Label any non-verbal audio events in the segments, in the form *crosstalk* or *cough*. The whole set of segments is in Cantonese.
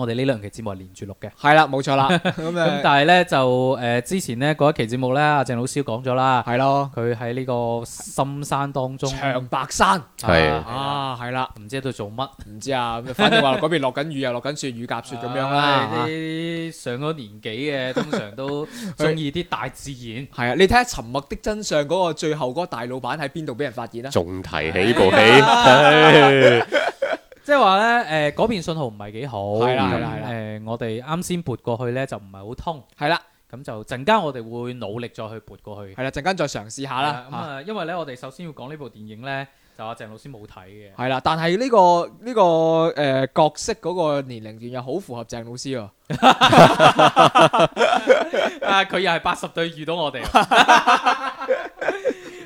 我哋呢兩期節目係連住錄嘅，係啦，冇錯啦。咁但係咧就誒之前咧嗰一期節目咧，阿鄭老師講咗啦，係咯，佢喺呢個深山當中，長白山係啊，係啦，唔知喺度做乜，唔知啊，反正話嗰邊落緊雨又落緊雪，雨夾雪咁樣啦。啲上咗年紀嘅通常都中意啲大自然。係啊，你睇下《沉默的真相》嗰個最後嗰個大老闆喺邊度俾人發現咧？仲提起部戲？即係話咧，誒，嗰、呃、邊信號唔係幾好，係啦，係啦，係啦，誒、呃，我哋啱先撥過去咧就唔係好通，係啦，咁就陣間我哋會努力再去撥過去，係啦，陣間再嘗試下啦。咁啊，嗯、啊因為咧，我哋首先要講呢部電影咧，就阿鄭老師冇睇嘅，係啦，但係呢、這個呢、這個誒、呃、角色嗰個年齡段又好符合鄭老師啊，啊，佢又係八十歲遇到我哋， *laughs* *laughs*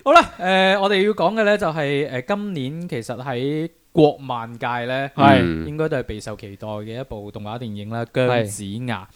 好啦，誒、呃，我哋要講嘅咧就係誒今年其實喺。國漫界咧，係應該都係備受期待嘅一部動畫電影啦，是呃《姜子牙》。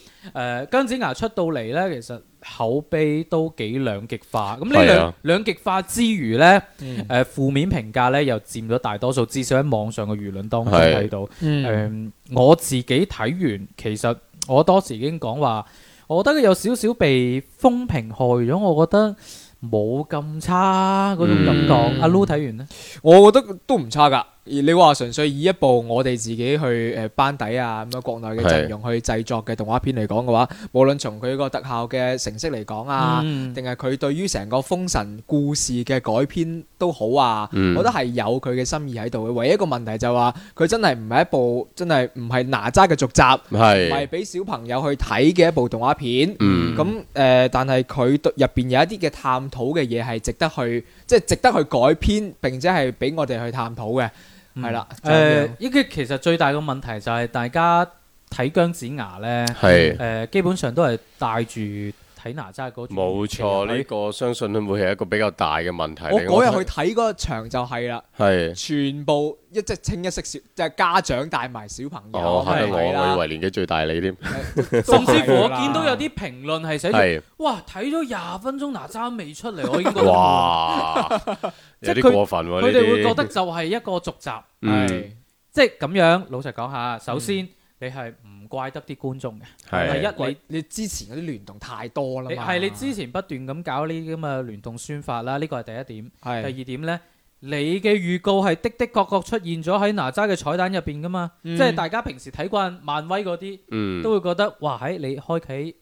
誒，《姜子牙》出到嚟咧，其實口碑都幾兩極化。咁呢兩兩極化之餘咧，誒、嗯呃，負面評價咧又佔咗大多數，至少喺網上嘅輿論當中睇到。誒是、嗯呃，我自己睇完，其實我當時已經講話，我覺得佢有少少被風評害咗，我覺得冇咁差嗰種感覺。阿 Lo 睇完呢，我覺得都唔差噶。而你話純粹以一部我哋自己去誒班底啊，咁樣國內嘅陣容去製作嘅動畫片嚟講嘅話，是無論從佢個特效嘅成績嚟講啊，定係佢對於成個封神故事嘅改編都好啊，嗯、我覺得係有佢嘅心意喺度嘅。唯一一個問題就係話、是、佢真係唔係一部真係唔係哪吒嘅續集，係俾是小朋友去睇嘅一部動畫片。咁誒、嗯呃，但係佢入邊有一啲嘅探討嘅嘢係值得去，即、就、係、是、值得去改編並且係俾我哋去探討嘅。係啦，誒、嗯，呢、呃、個其實最大個問題就係大家睇姜子牙咧，誒是、呃，基本上都係帶住。睇哪吒嗰，冇錯呢個相信都會係一個比較大嘅問題。我嗰日去睇嗰場就係啦，係全部一即清一色小，就係家長帶埋小朋友。哦，嚇！我以為年紀最大你添。甚至乎我見到有啲評論係寫，哇，睇咗廿分鐘哪吒未出嚟，我應該。哇！有啲過分喎，呢啲。佢哋會覺得就係一個續集，係即係咁樣。老實講下，首先你係。怪得啲觀眾嘅，第一你你之前嗰啲聯動太多啦，係你之前不斷咁搞呢啲咁嘅聯動宣發啦，呢、這個係第一點。是第二點咧，你嘅預告係的的確確出現咗喺哪吒嘅彩蛋入邊噶嘛，嗯、即係大家平時睇慣漫威嗰啲，嗯、都會覺得哇，喺、哎、你開啟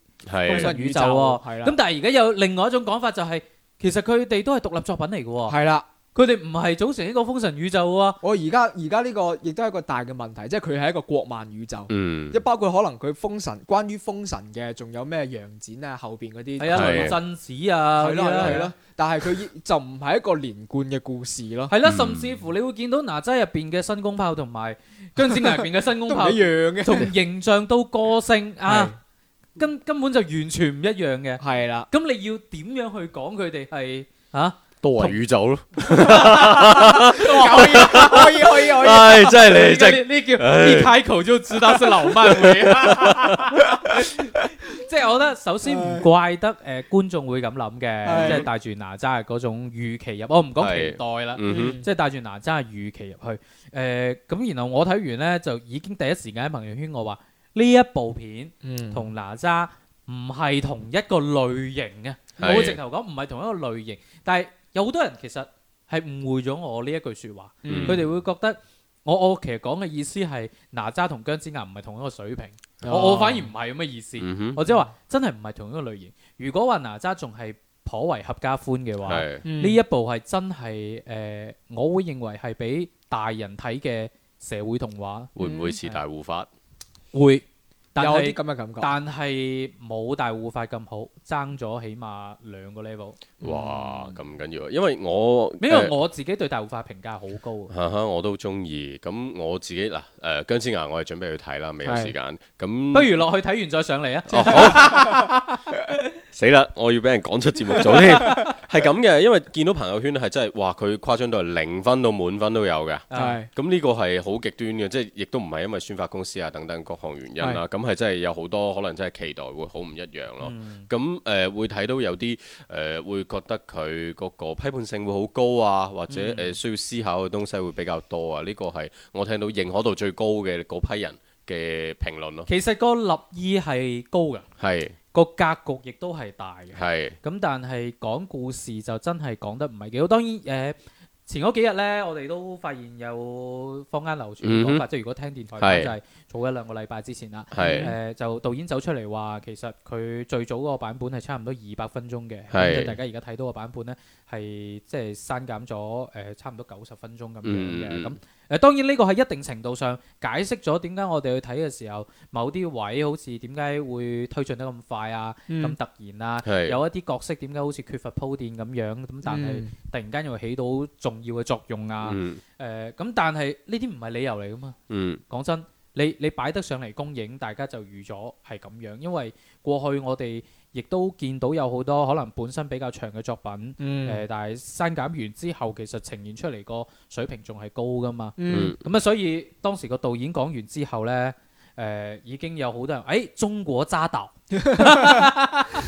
封神宇宙喎、啊。咁、啊、的但係而家有另外一種講法、就是，就係其實佢哋都係獨立作品嚟嘅。佢哋唔係組成一個封神宇宙啊。我而家而家呢個亦都係一個大嘅問題，即係佢係一個國漫宇宙，即、嗯、包括可能佢封神，關於封神嘅，仲有咩楊戩啊，後邊嗰啲鎮子啊，係咯係咯，但係佢就唔係一個連貫嘅故事咯、啊。係啦、嗯啊，甚至乎你會見到哪吒入邊嘅申公豹同埋姜子牙入邊嘅申公豹 *laughs* 一樣嘅，從形象到個性啊，根是根本就完全唔一樣嘅。係啦、啊，咁你要點樣去講佢哋係啊？我話宇宙咯，可以可以可以可以，可以 *laughs* 哎、真係你真呢叫一開口就知道是老漫威，即係我覺得首先唔怪得誒、哎呃、觀眾會咁諗嘅，即係帶住哪吒嗰種預期入，我唔講期待啦，嗯、即係帶住哪吒預期入去，誒、呃、咁然後我睇完咧就已經第一時間喺朋友圈我話呢一部片同哪吒唔係同一個類型嘅，嗯、我直頭講唔係同一個類型，但係。有好多人其實係誤會咗我呢一句説話，佢哋、嗯、會覺得我我其實講嘅意思係哪吒同姜子牙唔係同一個水平，哦、我我反而唔係咁嘅意思，嗯、哼或者話真係唔係同一個類型。如果話哪吒仲係頗為合家歡嘅話，呢、嗯、一部係真係誒、呃，我會認為係畀大人睇嘅社會童話會唔會大、嗯、是大護法？會。有啲咁嘅感覺，但係冇大護法咁好，爭咗起碼兩個 level。哇，咁緊要啊！因為我，呢個我自己對大護法評價好高，我都中意。咁我自己嗱，誒，姜子牙我係準備去睇啦，未有時間。咁不如落去睇完再上嚟啊！死啦！我要俾人趕出節目組添。係咁嘅，因為見到朋友圈咧係真係，哇！佢誇張到零分到滿分都有嘅。咁呢個係好極端嘅，即係亦都唔係因為宣發公司啊等等各項原因啦。咁。係真係有好多可能，真係期待會好唔一樣咯。咁誒會睇到有啲誒會覺得佢嗰個批判性會好高啊，或者誒需要思考嘅東西會比較多啊。呢個係我聽到認可度最高嘅嗰批人嘅評論咯。其實個立意係高嘅，係個是格局亦都係大嘅，係咁是。但係講故事就真係講得唔係幾好。當然誒、呃，前嗰幾日呢，我哋都發現有坊間流傳講法，即、就、係、是、如果聽電台是就係、是。好一兩個禮拜之前啦，誒是、呃、就導演走出嚟話，其實佢最早嗰個版本係差唔多二百分鐘嘅，咁是大家而家睇到嘅版本呢，係即係刪減咗誒、呃、差唔多九十分鐘咁樣嘅。咁誒、嗯呃、當然呢個係一定程度上解釋咗點解我哋去睇嘅時候，某啲位好似點解會推進得咁快啊，咁、嗯、突然啊，是有一啲角色點解好似缺乏鋪墊咁樣，咁但係突然間又起到重要嘅作用啊。誒咁、嗯嗯呃、但係呢啲唔係理由嚟噶嘛。講真。你你擺得上嚟公映，大家就預咗係咁樣，因為過去我哋亦都見到有好多可能本身比較長嘅作品，誒、嗯呃，但係刪減完之後，其實呈現出嚟個水平仲係高噶嘛。咁、嗯、啊，所以當時個導演講完之後呢，誒、呃、已經有好多人誒、哎、中國渣導，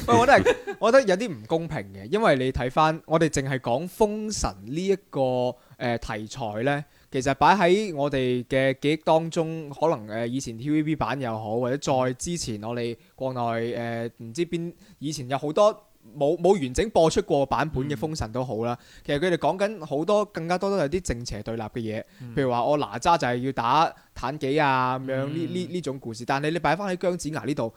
我覺得我覺得有啲唔公平嘅，因為你睇翻我哋淨係講封神呢一個誒題材呢。其實擺喺我哋嘅記憶當中，可能誒以前 TVB 版又好，或者再之前我哋國內誒唔、呃、知邊以前有好多冇冇完整播出過版本嘅《封神》都好啦。其實佢哋講緊好多更加多都有啲正邪對立嘅嘢，嗯、譬如話我哪吒就係要打妲己啊咁樣呢呢呢種故事。但係你擺翻喺姜子牙呢度，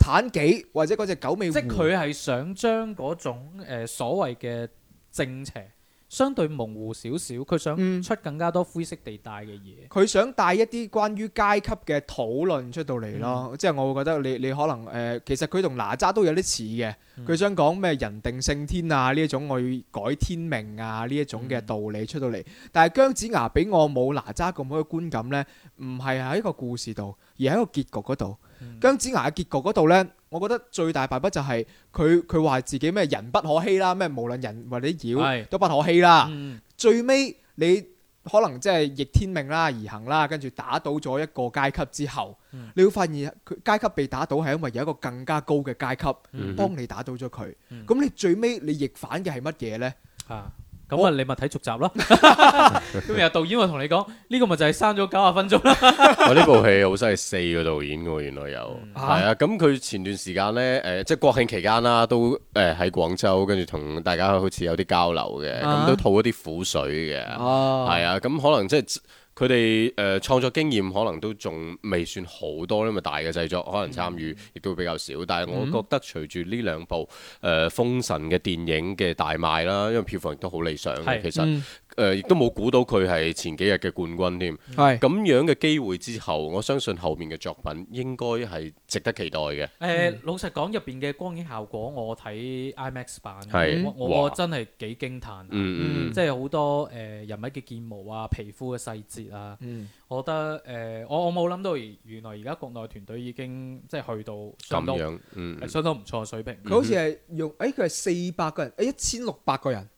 妲己或者嗰隻九尾狐，即係佢係想將嗰種誒所謂嘅正邪。相對模糊少少，佢想出更加多灰色地帶嘅嘢，佢、嗯、想帶一啲關於階級嘅討論出到嚟咯。嗯、即係我會覺得你你可能誒、呃，其實佢同哪吒都有啲似嘅，佢、嗯、想講咩人定勝天啊呢一種我要改天命啊呢一種嘅道理出到嚟。嗯、但係姜子牙俾我冇哪吒咁好嘅觀感呢，唔係喺個故事度，而喺個結局嗰度。嗯、姜子牙嘅結局嗰度呢。我覺得最大敗筆就係佢佢話自己咩人不可欺啦，咩無論人或者妖是都不可欺啦。嗯、最尾你可能即係逆天命啦，而行啦，跟住打倒咗一個階級之後，嗯、你會發現階級被打倒係因為有一個更加高嘅階級幫、嗯、哼你打倒咗佢。咁、嗯、你最尾你逆反嘅係乜嘢呢？啊咁啊，你咪睇續集咯。咁 *laughs* 然後導演話同你講，呢、這個咪就係刪咗九十分鐘啦。 *laughs* 我呢部戲好犀利，四個導演嘅喎，原來有。係、嗯、啊，咁佢、啊嗯、前段時間咧，誒、呃，即係國慶期間啦，都誒喺廣州，跟住同大家好似有啲交流嘅，咁、啊、都吐一啲苦水嘅。哦，係啊，咁、啊嗯嗯、可能即係。佢哋誒創作經驗可能都仲未算好多，因為大嘅製作可能參與亦都比較少，嗯、但係我覺得隨住呢兩部誒《封、呃、神》嘅電影嘅大賣啦，因為票房亦都好理想其實。誒，亦都冇估到佢係前幾日嘅冠軍添。係咁是樣嘅機會之後，我相信後面嘅作品應該係值得期待嘅。誒、嗯呃，老實講，入邊嘅光影效果，我睇 IMAX 版是我，我真係幾驚歎。嗯嗯，嗯即係好多誒、呃、人物嘅建模啊、皮膚嘅細節啊。嗯我覺得誒，我我冇諗到，原來而家國內團隊已經即係去到咁樣，嗯，係相當唔錯嘅水平。佢好似係用誒，佢係四百個人，誒一千六百個人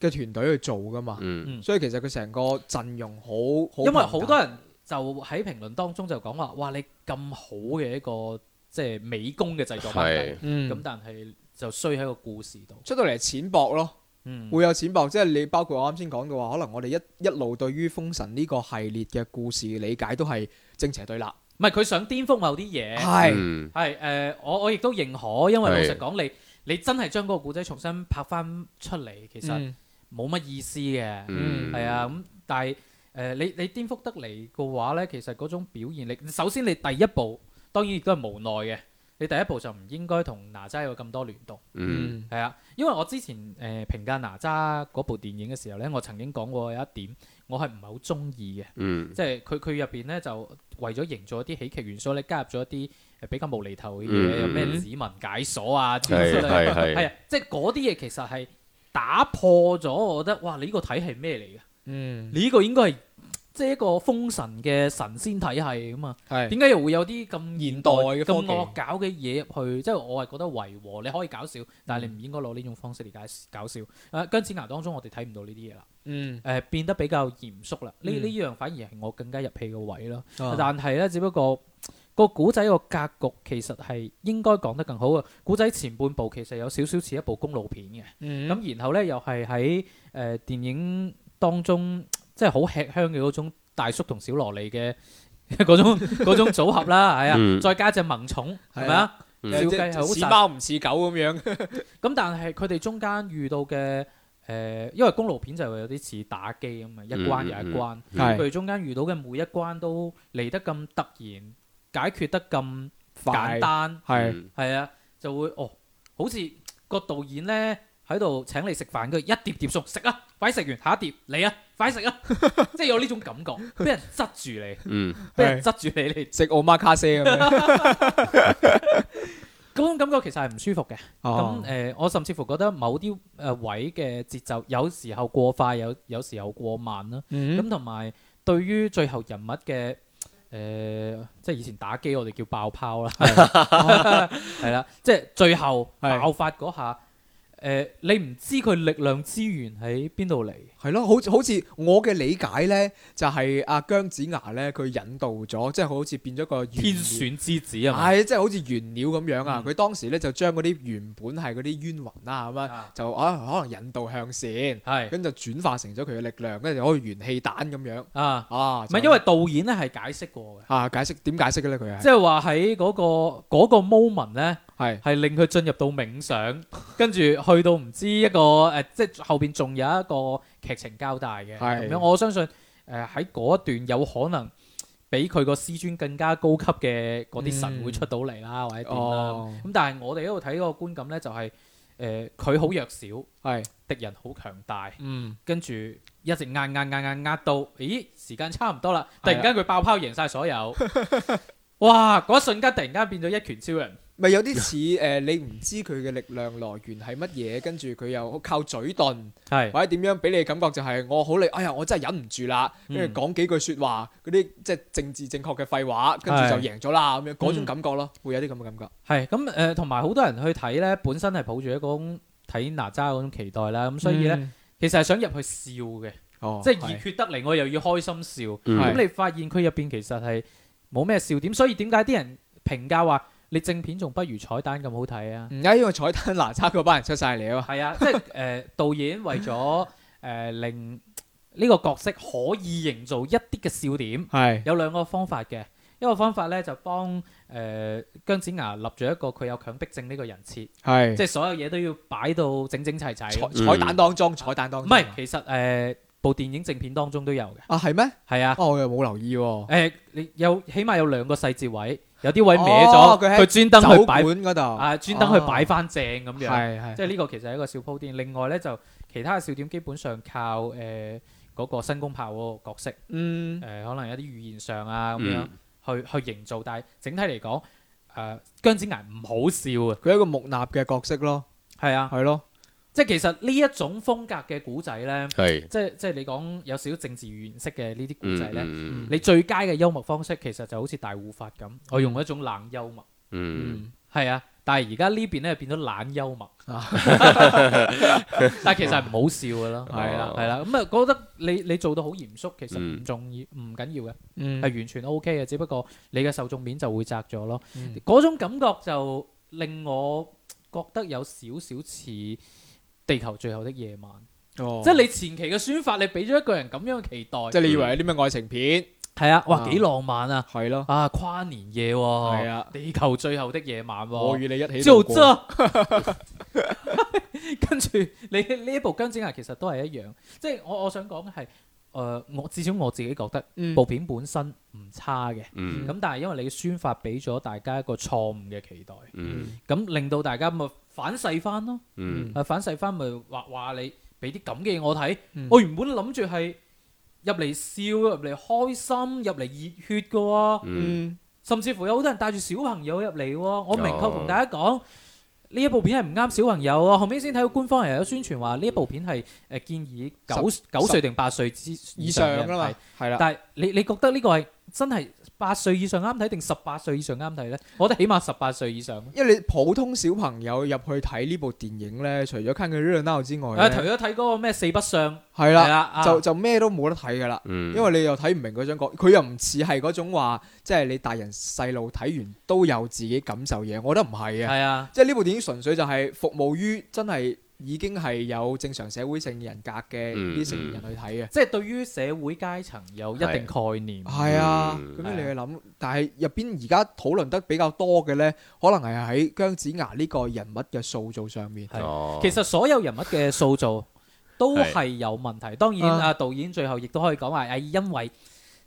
嘅團隊去做㗎嘛。嗯嗯、所以其實佢成個陣容好，好。因為好多人就喺評論當中就講話，哇！你咁好嘅一個即係美工嘅製作品，咁、嗯、但係就衰喺個故事度，出到嚟係淺薄咯。會有淺薄，即係你包括我啱先講嘅話，可能我哋一一路對於《封神》呢個系列嘅故事理解都係正邪對立。唔係佢想顛覆某啲嘢，係係誒，我我亦都認可，因為老實講是，你你真係將嗰個故仔重新拍翻出嚟，其實冇乜意思嘅，係、嗯、啊。咁但係誒、呃，你你顛覆得嚟嘅話咧，其實嗰種表現力，首先你第一步，當然亦都係無奈嘅。你第一步就唔應該同哪吒有咁多聯動，係、嗯、啊，因為我之前誒、呃、評價哪吒嗰部電影嘅時候咧，我曾經講過有一點，我係唔係好中意嘅，嗯，即係佢佢入邊咧就為咗營造一啲喜劇元素咧，加入咗一啲比較無厘頭嘅嘢，嗯、有咩指紋解鎖啊，之類係係，係啊，即係嗰啲嘢其實係打破咗，我覺得哇！你呢個睇係咩嚟嘅？嗯，你呢個應該係。即係一個封神嘅神仙體系啊嘛，點解又會有啲咁現代、咁惡搞嘅嘢入去？即、就、係、是、我係覺得維和你可以搞笑，嗯、但係你唔應該攞呢種方式嚟搞搞笑。《姜子牙》當中我哋睇唔到呢啲嘢啦，誒、嗯呃、變得比較嚴肅啦。呢呢樣反而係我更加入戲嘅位啦。啊、但係呢，只不過、那個古仔個格局其實係應該講得更好啊。古仔前半部其實有少少似一部公路片嘅，咁、嗯嗯、然後呢，又係喺誒電影當中。即係好吃香嘅嗰種大叔同小蘿莉嘅嗰種嗰種 *laughs* 組合啦，係啊，嗯、再加隻萌寵係咪啊？好似貓唔似狗咁樣。咁 *laughs* 但係佢哋中間遇到嘅誒、呃，因為公路片就會有啲似打機咁啊，一關又一關。佢哋、嗯嗯、是中間遇到嘅每一關都嚟得咁突然，解決得咁簡單。係係是啊，就會,就會哦，好似個導演呢。喺度請你食飯，佢一碟碟餸食啊，快食完下一碟嚟啊，快食啊， *laughs* 即係有呢種感覺，俾人執住你，俾、 *laughs* 嗯、是人執住你嚟食我麥卡西咁樣，咁 *laughs* *laughs* 種感覺其實係唔舒服嘅。咁誒、哦呃，我甚至乎覺得某啲誒位嘅節奏有時候過快，有有時候過慢啦。咁同埋對於最後人物嘅誒、呃，即係以前打機我哋叫爆炮啦，係啦、 *laughs* *laughs* 啊，即係最後爆發嗰下。誒、呃，你唔知佢力量之源喺邊度嚟？係咯，好好似我嘅理解咧，就係、是、阿、啊、姜子牙咧，佢引導咗，即係好似變咗個天選之子啊！係、嗯，即係好似原料咁樣啊！佢當時咧就將嗰啲原本係嗰啲冤魂啦咁啊，就啊可能引導向善，係，跟住就轉化成咗佢嘅力量，跟住可以元氣彈咁樣啊啊！唔係、啊、就因為導演咧係解釋過嘅啊，解釋點解釋嘅咧佢係即係話喺嗰個 moment 咧。那個係係令佢進入到冥想，跟住去到唔知一個誒、呃，即係後邊仲有一個劇情交代嘅，咁樣是我相信誒喺嗰一段有可能比佢個師尊更加高級嘅嗰啲神會出到嚟啦，嗯、或者點樣啦。咁、哦嗯、但係我哋喺度睇個觀感咧、就是，就係誒佢好弱小，係是敵人好強大，嗯，跟住一直壓壓壓壓壓到，咦時間差唔多啦，突然間佢爆泡贏晒所有， *laughs* 哇嗰一瞬間突然間變咗一拳超人。咪有啲似誒，你、呃、唔知佢嘅力量來源係乜嘢，跟住佢又靠嘴遁，是或者點樣，俾你感覺就係、是、我好你，哎呀，我真係忍唔住啦，跟住講幾句説話，嗰啲即係政治正確嘅廢話，跟住就贏咗啦咁樣，嗰是種感覺咯，嗯、會有啲咁嘅感覺。係咁誒，同埋好多人去睇咧，本身係抱住一種睇哪吒嗰種期待啦，咁所以咧，嗯、其實係想入去笑嘅，哦、即係熱血得嚟，我又要開心笑。咁、嗯、是你發現佢入邊其實係冇咩笑點，所以點解啲人、人家人家評價話，你正片仲不如彩蛋咁好睇啊？而家呢個彩蛋嗱差嗰班人出曬嚟。係啊，即係誒、呃、導演為咗誒、呃、令呢個角色可以營造一啲嘅笑點，係是有兩個方法嘅。一個方法咧就幫誒、呃、姜子牙立咗一個佢有強迫症呢個人設，係是即係所有嘢都要擺到整整齊齊，齊彩。彩蛋當中，彩蛋當中唔係、嗯，其實誒、呃、部電影正片當中都有嘅。啊，係咩？係啊。不過啊、哦，我又冇留意喎、啊。你、呃、有，有起碼有兩個細節位。有啲位歪咗，佢、哦、專登去擺嗰度，哦、啊專登去擺翻正咁、哦、樣，即係呢個其實係一個小鋪墊。另外咧就其他嘅笑點基本上靠誒嗰、呃那個申公豹嗰個角色，誒、嗯呃、可能有啲語言上啊咁樣、嗯、去去營造，但係整體嚟講，誒、呃、姜子牙唔好笑啊，佢係一個木訥嘅角色咯，係啊，係咯。即係其實呢一種風格嘅古仔咧，即係即係你講有少少政治元素嘅呢啲古仔咧，你最佳嘅幽默方式其實就好似大護法咁，我用一種冷幽默。嗯，係啊，但係而家呢邊咧變咗冷幽默，但係其實唔好笑噶咯，係啦，係啦，咁啊覺得你你做到好嚴肅，其實唔重要，唔緊要嘅，係完全 O K 嘅，只不過你嘅受眾面就會窄咗咯。嗰種感覺就令我覺得有少少似。地球最後的夜晚，哦、即係你前期嘅宣發，你俾咗一個人咁樣嘅期待，即係你以為係啲咩愛情片，係、嗯、啊，哇幾浪漫啊，係咯、啊，啊跨年夜喎，係啊，啊地球最後的夜晚、啊，我與你一起度過， *laughs* *laughs* 跟住你呢一部《姜子牙》其實都係一樣，即係我我想講嘅係。誒，我、呃、至少我自己覺得、嗯、部片本身唔差嘅，咁、嗯、但係因為你嘅宣發俾咗大家一個錯誤嘅期待，咁、嗯、令到大家咪反噬翻咯，誒、嗯、反噬翻咪話話你俾啲咁嘅嘢我睇，嗯、我原本諗住係入嚟笑、入嚟開心、入嚟熱血㗎喎，嗯嗯、甚至乎有好多人帶住小朋友入嚟，我明確同大家講。哦呢一部片係唔啱小朋友啊！後尾先睇到官方又有宣傳話呢一部片係建議九十九歲定八歲之以上㗎嘛，係啦。但係你你覺得呢個係真係？八歲以上啱睇定十八歲以上啱睇呢？我覺得起碼十八歲以上，因為你普通小朋友入去睇呢部電影呢，除咗睇佢熱鬧之外，除咗睇嗰個咩四不相，係啦了、啊，就就咩都冇得睇噶啦，嗯、因為你又睇唔明嗰種角，佢又唔似係嗰種話，即係你大人細路睇完都有自己感受嘢，我覺得唔係啊，係啊，即係呢部電影純粹就係服務於真係。已經係有正常社會性人格嘅啲成年人去睇嘅，即係對於社會階層有一定概念。係啊，咁樣你去諗，但係入邊而家討論得比較多嘅呢，可能係喺姜子牙呢個人物嘅塑造上面。係，其實所有人物嘅塑造都係有問題。當然啊，導演最後亦都可以講話，係因為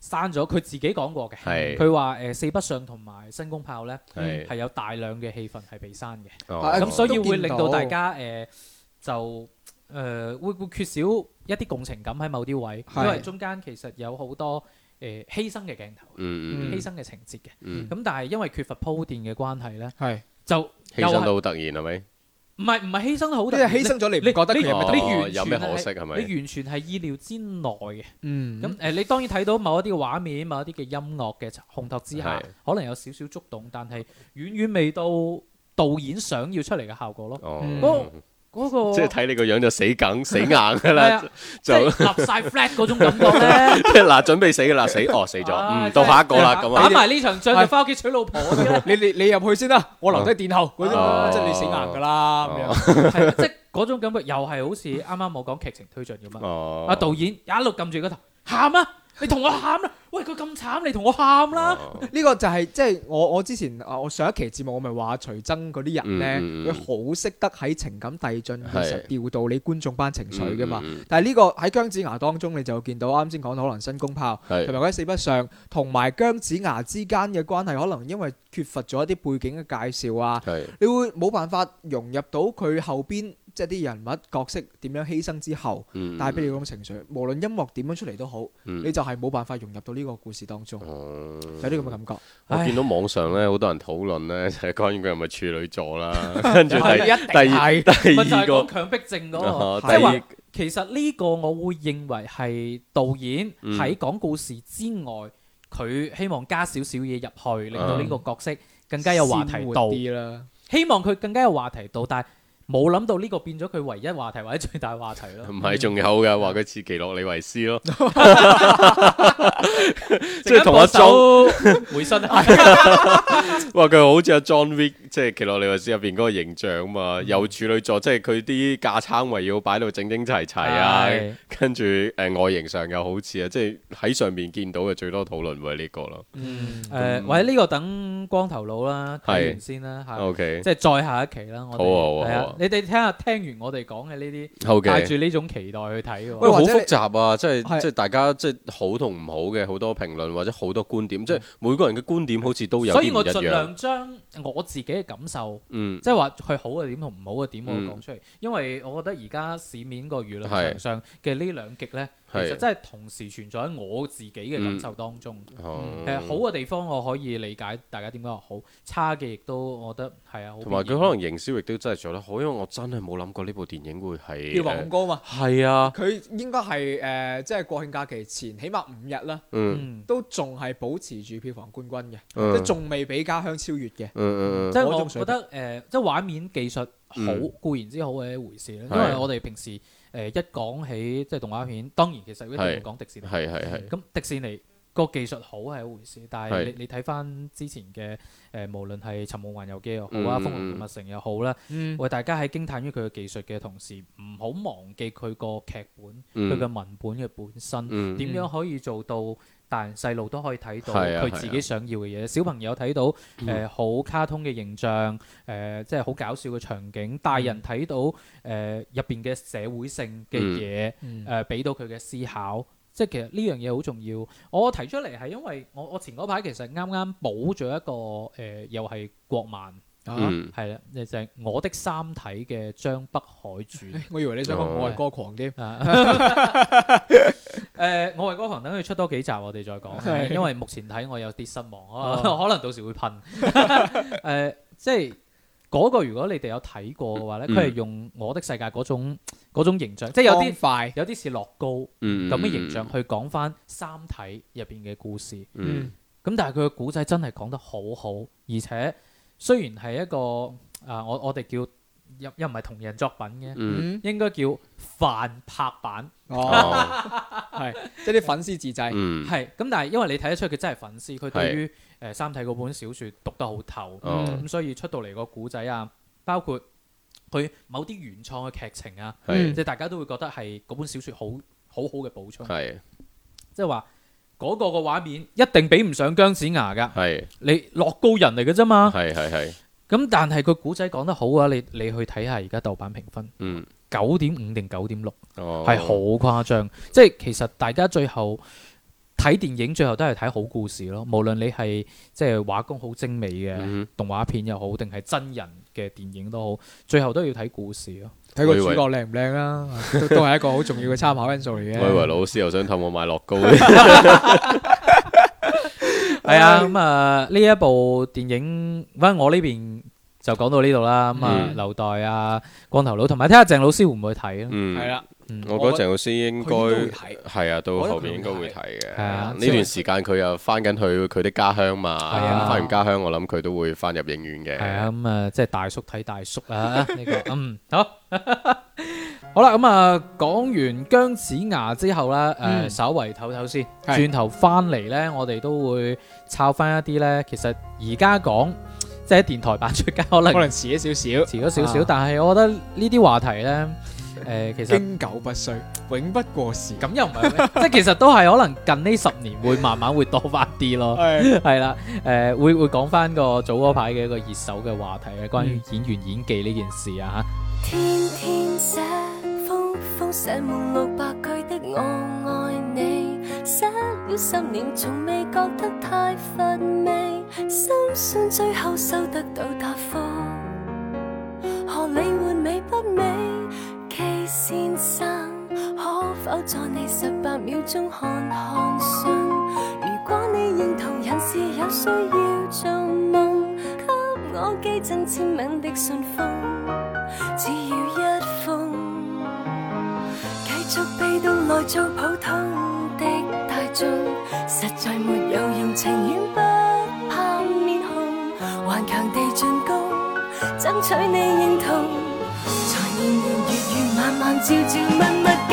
刪咗，佢自己講過嘅。係，佢話誒四不像同埋申公豹呢係有大量嘅戲份係被刪嘅。哦，咁所以會令到大家誒。就誒會會缺少一啲共情感喺某啲位，因為中間其實有好多誒犧牲嘅鏡頭，犧牲嘅情節嘅。咁但係因為缺乏鋪墊嘅關係咧，係就犧牲到好突然係咪？唔係唔係犧牲得好突然，犧牲咗你你覺得呢有咩有咩可惜係咪？你完全係意料之內嘅。咁誒你當然睇到某一啲嘅畫面、某一啲嘅音樂嘅烘托之下，可能有少少觸動，但係遠遠未到導演想要出嚟嘅效果咯。個即係睇你個樣就死梗死硬噶啦，就立晒 flag 嗰種感覺咧。即係嗱，準備死噶啦，死哦，死咗。到下一個啦，打埋呢場仗就翻屋企娶老婆先。啲你你你入去先啦，我留低殿後。即係你死硬噶啦，咁樣。即係嗰種感覺又係好似啱啱冇講劇情推進咁啊。阿導演一路撳住個頭喊啊！你同我喊啦！喂，佢咁慘，你同我喊啦！呢、哦、個就係即係我我之前啊，我上一期節目我咪話徐崢嗰啲人呢，佢好識得喺情感遞進去調度你觀眾班情緒嘅嘛。嗯、但係呢、這個喺《姜子牙》當中你就會見到啱先講到可能申公豹，同埋嗰啲四不像，同埋姜子牙之間嘅關係，可能因為缺乏咗一啲背景嘅介紹啊，你會冇辦法融入到佢後邊。一啲人物角色點樣犧牲之後，帶俾你嗰種情緒，無論音樂點樣出嚟都好，你就係冇辦法融入到呢個故事當中，有啲咁嘅感覺。我見到網上咧，好多人討論咧，就係關於呢個係咪處女座啦，跟住係第二，第二個強迫症嗰個，即係話其實呢個我會認為係導演喺講故事之外，佢希望加少少嘢入去，令到呢個角色更加有話題度啦，希望佢更加有話題度，但係。冇諗到呢個變咗佢唯一話題或者最大話題咯，唔係仲有嘅話佢似奇洛李維斯咯，即係同阿周回身，話佢好似阿 John Wick，即係奇洛李維斯入邊嗰個形象啊嘛，有處女座，即係佢啲架撐位要擺到整整齊齊啊，跟住誒外形上又好似啊，即係喺上面見到嘅最多討論會係呢個咯，誒或者呢個等光頭佬啦睇完先啦，OK，即係再下一期啦，好啊，好啊。你哋聽下，聽完我哋講嘅呢啲，帶住呢種期待去睇好 Okay. 複雜啊！即係即係大家即係、就是、好同唔好嘅好多評論或者好多觀點，即係、嗯、每個人嘅觀點好似都有唔一樣。所以我盡量將我自己嘅感受，即係話佢好嘅點同唔好嘅點我，我講出嚟，因為我覺得而家市面個輿論上嘅呢兩極呢。其實真係同時存在喺我自己嘅感受當中。誒，好嘅地方我可以理解大家點解話好，差嘅亦都我覺得係啊。同埋佢可能營銷亦都真係做得好，因為我真係冇諗過呢部電影會係票房咁高嘛。係啊，佢應該係誒，即係國慶假期前起碼五日啦，都仲係保持住票房冠軍嘅，即仲未俾《家鄉》超越嘅。即係我覺得誒，即係畫面技術好固然之好嘅一回事，因為我哋平時。誒、呃、一講起即係動畫片，當然其實一定要講迪士尼。係係係。咁迪士尼個技術好係一回事，但係是你你睇翻之前嘅誒、呃，無論係《尋夢環遊記》又、嗯、好啦，嗯《瘋狂動物城》又好啦，我哋大家喺驚歎於佢嘅技術嘅同時，唔好忘記佢個劇本、佢嘅、嗯、文本嘅本身，點、嗯、樣可以做到？大人細路都可以睇到佢自己想要嘅嘢，啊、小朋友睇到誒好、嗯呃、卡通嘅形象，誒、呃、即係好搞笑嘅場景；大人睇到誒入邊嘅社會性嘅嘢，誒俾、嗯呃、到佢嘅思考，即係其實呢樣嘢好重要。我提出嚟係因為我我前嗰排其實啱啱補咗一個誒、呃，又係國漫。啊，係啦，就係我的三體嘅章北海傳。我以為你想講我為歌狂添。誒，我為歌狂等佢出多幾集我哋再講，因為目前睇我有啲失望啊，可能到時會噴。誒，即係嗰個如果你哋有睇過嘅話咧，佢係用我的世界嗰種嗰種形象，即係有啲快，有啲似樂高咁嘅形象去講翻三體入邊嘅故事。嗯，咁但係佢嘅古仔真係講得好好，而且。雖然係一個啊、呃，我我哋叫又又唔係同人作品嘅，嗯、應該叫翻拍版，係即係啲粉絲自製，係咁、嗯。但係因為你睇得出佢真係粉絲，佢對於誒《三體》嗰本小説讀得好透，咁、哦嗯、所以出到嚟個古仔啊，包括佢某啲原創嘅劇情啊，即係是大家都會覺得係嗰本小説好好好嘅補充，即係話。嗰個嘅畫面一定比唔上姜子牙噶，係是你樂高人嚟嘅啫嘛，係係係。咁但係佢古仔講得好啊。你你去睇下而家豆瓣評分，嗯，九點五定九點六，係好誇張。即係其實大家最後睇電影，最後都係睇好故事咯。無論你係即係畫工好精美嘅、嗯、哼動畫片又好，定係真人嘅電影都好，最後都要睇故事咯。睇個主角靚唔靚啦， *laughs* 都係一個好重要嘅參考因素嚟嘅。以為老師又想氹我買樂高咧？係、嗯、啊，咁啊呢一部電影，反正我呢邊。就講到呢度啦，咁啊，劉代啊，光頭佬，同埋睇下鄭老師會唔會睇？嗯，係啦，我覺得鄭老師應該係啊，到後面應該會睇嘅。係啊，呢段時間佢又翻緊去佢啲家鄉嘛，翻完家鄉我諗佢都會翻入影院嘅。係啊，咁啊，即係大叔睇大叔啊，呢個嗯，好好啦，咁啊講完姜子牙之後咧，誒稍為唞唞先，轉頭翻嚟咧，我哋都會抄翻一啲咧，其實而家講。即係電台版出街，可能可能遲咗少少，遲咗少少。啊、但係我覺得呢啲話題呢，誒、呃，其實經久不衰，永不過時。咁又唔係咩？ *laughs* 即係其實都係可能近呢十年會慢慢會多發啲咯。係係啦，誒、 *laughs* 呃，會會講翻個早嗰排嘅一個熱搜嘅話題嘅，關於演員演技呢件事啊吓。了十年，從未覺得太乏味，深信最後收得到答覆。荷李活美不美，K 先生可否在你十八秒鐘看看信？如果你認同人是有需要做夢，給我寄贈簽名的信封，只要一封，繼續被動來做普通的。實在沒有用，情願不怕面紅，頑強地進攻，爭取你認同。在年年月月晚晚朝朝密密。慢慢照照問問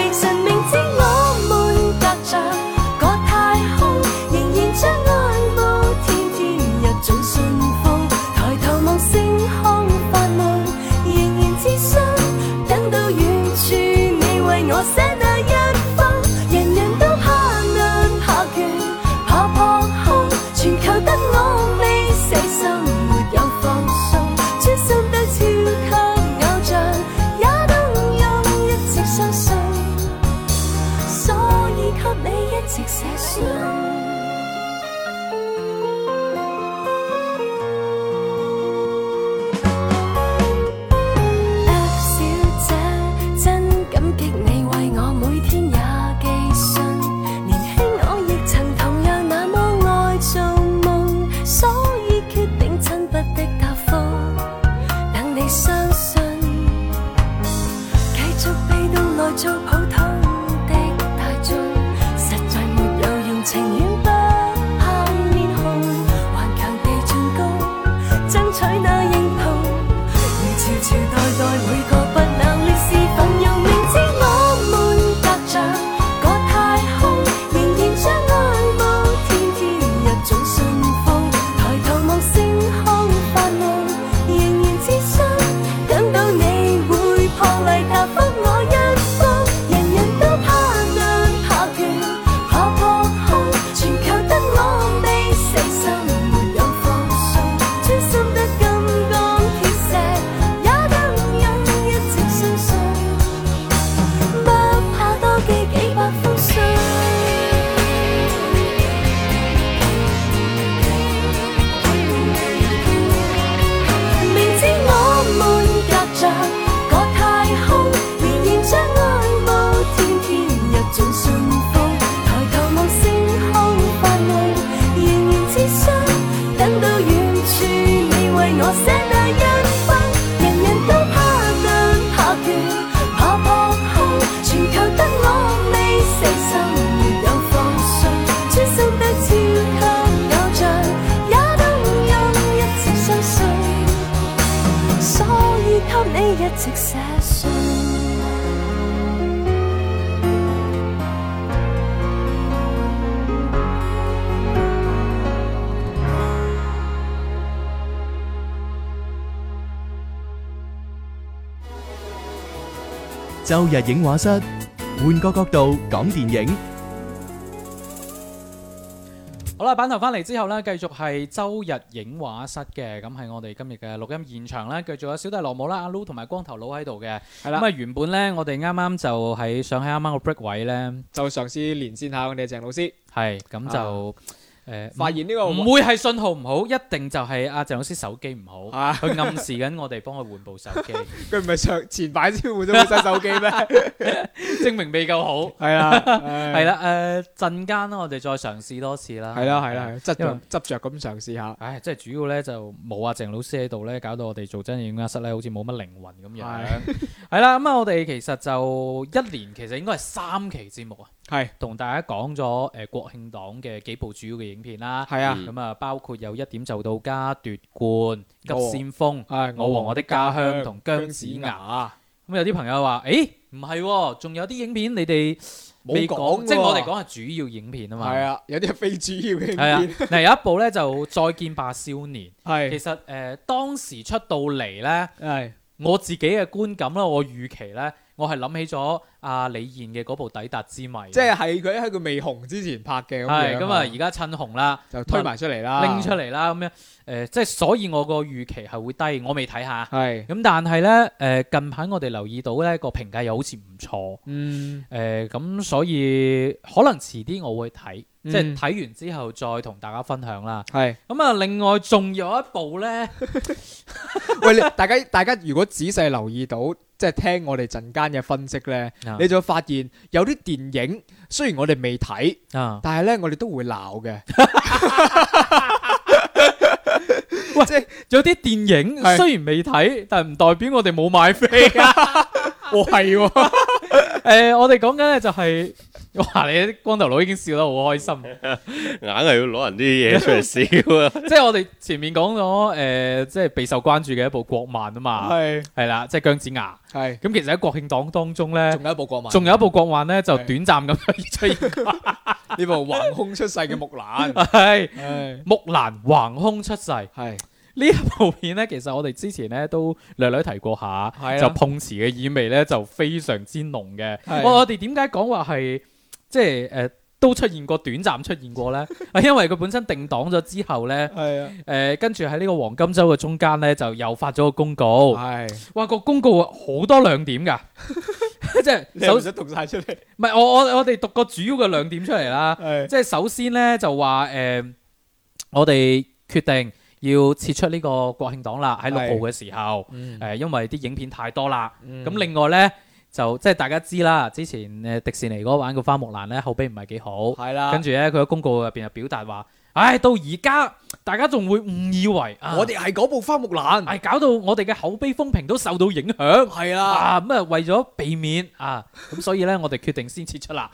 周日影畫室，換個角度講電影。好啦，板頭翻嚟之後咧，繼續係周日影畫室嘅，咁係我哋今日嘅錄音現場咧，繼續有小弟羅姆啦、阿 Lo 同埋光頭佬喺度嘅，係啦。咁啊，原本咧，我哋啱啱就喺上喺啱啱個 break 位咧，就嘗試連線下我哋鄭老師，係咁就。誒發現呢個唔會係信號唔好，一定就係阿鄭老師手機唔好，佢暗示緊我哋幫佢換部手機。佢唔係上前排先換咗部新手機咩？證明未夠好，係啊，係啦，誒陣間我哋再嘗試多次啦。係啦，係啦，執着執著咁嘗試下。唉，即係主要咧就冇阿鄭老師喺度咧，搞到我哋做真驗壓室咧，好似冇乜靈魂咁樣。係啦，咁啊，我哋其實就一年其實應該係三期節目啊。係，同是大家講咗誒國慶檔嘅幾部主要嘅影片啦。係啊，咁啊、嗯、包括有《一點就到家》奪冠、急先鋒、誒我,、哎、我和我的家鄉同姜鄉子牙。咁、啊、有啲朋友話：，誒唔係，仲、啊、有啲影片你哋未講，即係我哋講係主要影片啊嘛。係啊，有啲非主要影片。嗱 *laughs* 有、啊、一部咧就《再見吧少年》是。係。其實誒、呃、當時出到嚟咧，係是是我自己嘅觀感啦，我預期咧。我係諗起咗阿李現嘅嗰部《抵達之謎》，即係佢喺佢未紅之前拍嘅。係、嗯，咁啊，而家趁紅啦，就推埋出嚟啦，拎出嚟啦，咁樣誒，即係所以我個預期係會低。我未睇下，係是。咁、嗯、但係咧，誒、呃、近排我哋留意到咧，個評價又好似唔錯。嗯。誒咁、呃嗯，所以可能遲啲我會睇，嗯、即係睇完之後再同大家分享啦。係、嗯。咁啊、嗯，另外仲有一部咧， *laughs* *laughs* 喂，大家大家如果仔細留意到。即係聽我哋陣間嘅分析呢，你就會發現有啲電影雖然我哋未睇，但係呢，我哋都會鬧嘅。 *laughs* *laughs* 喂，即有啲電影雖然未睇，是但係唔代表我哋冇買飛啊！我係，誒，我哋講緊呢就係。哇！你啲光頭佬已經笑得好開心，硬係要攞人啲嘢出嚟笑啊！即係我哋前面講咗誒，即係備受關注嘅一部國漫啊嘛，係係啦，即係姜子牙。係咁，其實喺國慶檔當中咧，仲有一部國漫，仲有一部國漫咧，就短暫咁出現。呢部橫空出世嘅木蘭，係木蘭橫空出世，係呢一部片咧，其實我哋之前咧都略略提過下，就碰瓷嘅意味咧就非常之濃嘅。我我哋點解講話係？即係誒，都出現過，短暫出現過咧，啊，因為佢本身定檔咗之後咧，誒，跟住喺呢個黃金周嘅中間咧，就又發咗個公告，係，哇，個公告好多亮點噶，即係，你唔想讀晒出嚟？唔係，我我我哋讀個主要嘅兩點出嚟啦。即係首先咧就話誒，我哋決定要撤出呢個國慶檔啦，喺六號嘅時候，誒，因為啲影片太多啦，咁另外咧。就即係大家知啦，之前誒迪士尼嗰個玩個花木蘭咧，口碑唔係幾好。係啦，跟住咧佢喺公告入邊又表達話，唉到而家大家仲會誤以為我哋係嗰部花木蘭，係搞到我哋嘅口碑風評都受到影響。係啊，咁啊為咗避免啊，咁所以咧我哋決定先撤出啦。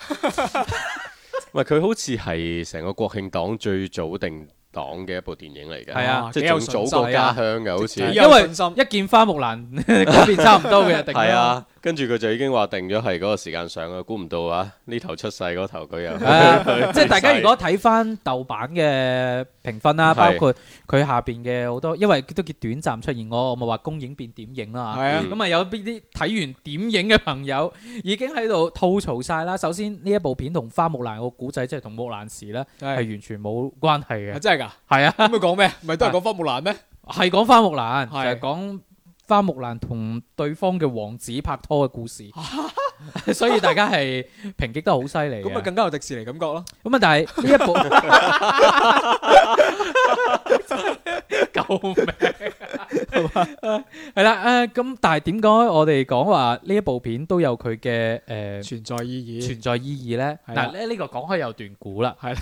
唔佢好似係成個國慶檔最早定檔嘅一部電影嚟嘅，係啊，即係早過家鄉嘅，好似因為一見花木蘭嗰邊差唔多嘅定。係啊。跟住佢就已經話定咗係嗰個時間上啦，估唔到啊！呢頭出世嗰頭佢又， *laughs* *laughs* 即係大家如果睇返豆瓣嘅評分啦，包括佢下邊嘅好多，因為都叫短暫出現我，我咪話公映變點映啦嚇。係啊，咁啊有邊啲睇完點映嘅朋友已經喺度吐槽晒啦。首先呢一部片同花木蘭個古仔即係同木蘭時咧係是完全冇關係嘅。真係㗎，係啊，咁佢講咩？咪都係講花木蘭咩？係講 *laughs* 花木蘭，就係講。花木蘭同對方嘅王子拍拖嘅故事，啊、 *laughs* 所以大家係評擊得好犀利。咁啊，更加有迪士尼感覺咯。咁啊，但係呢一部， *laughs* *laughs* 救命！ *laughs* 係嘛，係啦，誒，咁但係點解我哋講話呢一部片都有佢嘅誒存在意義？存在意義咧，嗱，呢呢個講開又段古啦，係啦。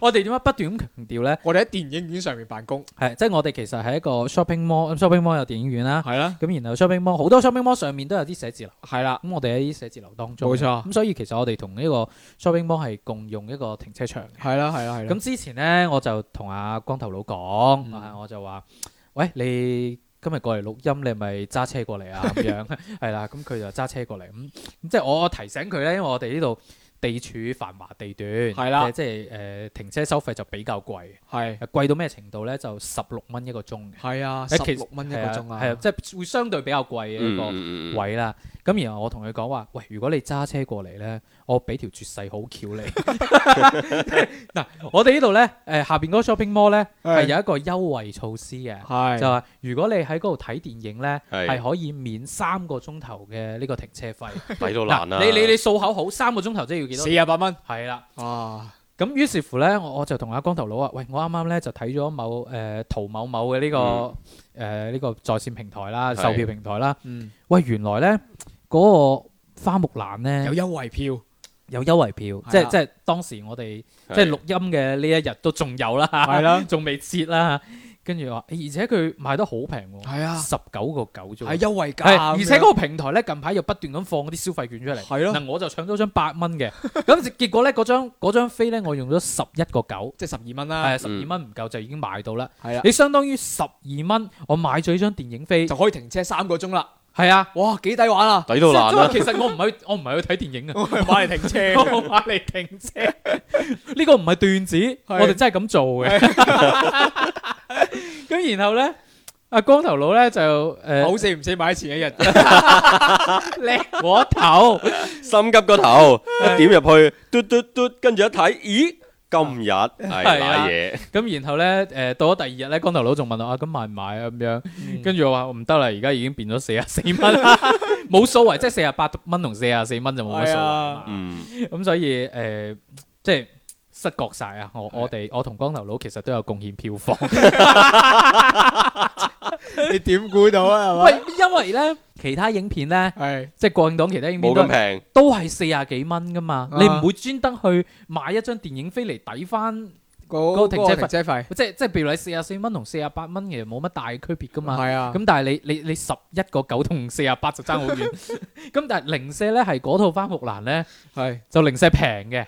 我哋點解不斷咁強調咧？我哋喺電影院上面辦公，係，即係我哋其實係一個 shopping mall，shopping mall 有電影院啦，係啦，咁然後 shopping mall 好多 shopping mall 上面都有啲寫字樓，係啦，咁我哋喺啲寫字樓當中，冇錯，咁所以其實我哋同呢個 shopping mall 係共用一個停車場，係啦，係啦，係啦。咁之前咧，我就同阿光頭佬講，嗯、我就話。喂，你今日過嚟錄音，你係咪揸車過嚟啊，咁樣，係啦， *laughs* 咁佢就揸車過嚟，咁、嗯、即係我提醒佢咧，因為我哋呢度地處繁華地段，係啦的，即係誒、呃、停車收費就比較貴，係的貴到咩程度咧？就十六蚊一個鐘，係的實啊，十六蚊一個鐘啊，係啊，即係會相對比較貴嘅一個位啦。咁、嗯嗯、然後我同佢講話，喂，如果你揸車過嚟咧。我俾條絕世好橋你嗱，我哋呢度呢，誒下邊嗰個 shopping mall 咧，係有一個優惠措施嘅，就係如果你喺嗰度睇電影呢，係可以免三個鐘頭嘅呢個停車費，抵到爛啦！你你你數口好，三個鐘頭即係要幾多？四十八蚊，係啦。哇！咁於是乎呢，我我就同阿光頭佬啊，喂，我啱啱呢，就睇咗某誒淘某某嘅呢個誒呢個在線平台啦，售票平台啦。喂，原來呢，嗰個花木蘭呢，有優惠票。有優惠票，啊、即係即係當時我哋即係錄音嘅呢一日都仲有啦，係、啊、啦，仲未折啦，跟住話，而且佢賣得好平喎，啊，十九個九啫，係優惠價，而且嗰個平台咧近排又不斷咁放嗰啲消費券出嚟，係咯、啊，嗱我就搶咗張八蚊嘅，咁 *laughs* 結果咧嗰張嗰張飛咧我用咗十一個九，即係十二蚊啦，十二蚊唔夠就已經買到啦，係啦、嗯，啊、你相當於十二蚊我買咗呢張電影飛就可以停車三個鐘啦。係啊，哇，幾抵玩啊，抵到爛啦！其實我唔係我唔係去睇電影啊，我係買嚟停車，我買嚟停車。呢個唔係段子，我哋真係咁做嘅。咁然後咧，阿光頭佬咧就誒，好死唔死買前一日，叻我頭，心急個頭，一點入去，嘟嘟嘟，跟住一睇，咦？今日係買嘢，咁然後咧，誒、呃，到咗第二日咧，光頭佬仲問我啊，咁買唔買啊？咁樣，跟住、嗯、我話唔得啦，而家已經變咗四十四蚊，冇所謂， *laughs* 即係四十八蚊同四十四蚊就冇乜數啊。咁吧、嗯、所以，誒、呃，即係失覺晒啊！我是我哋我同光頭佬其實都有貢獻票房。 *laughs* *laughs* 你點估到啊？係咪？因為咧，其他影片咧，係是即係國慶檔其他影片冇咁平，都係四廿幾蚊噶嘛。啊、你唔會專登去買一張電影飛嚟抵翻嗰個停車費。即係即係，譬如你四廿四蚊同四廿八蚊其實冇乜大區別噶嘛。係是啊、嗯。咁但係你你你十一個九同四廿八就爭好遠。咁 *laughs* *laughs* 但係零舍咧係嗰套花木蘭咧係就零舍平嘅。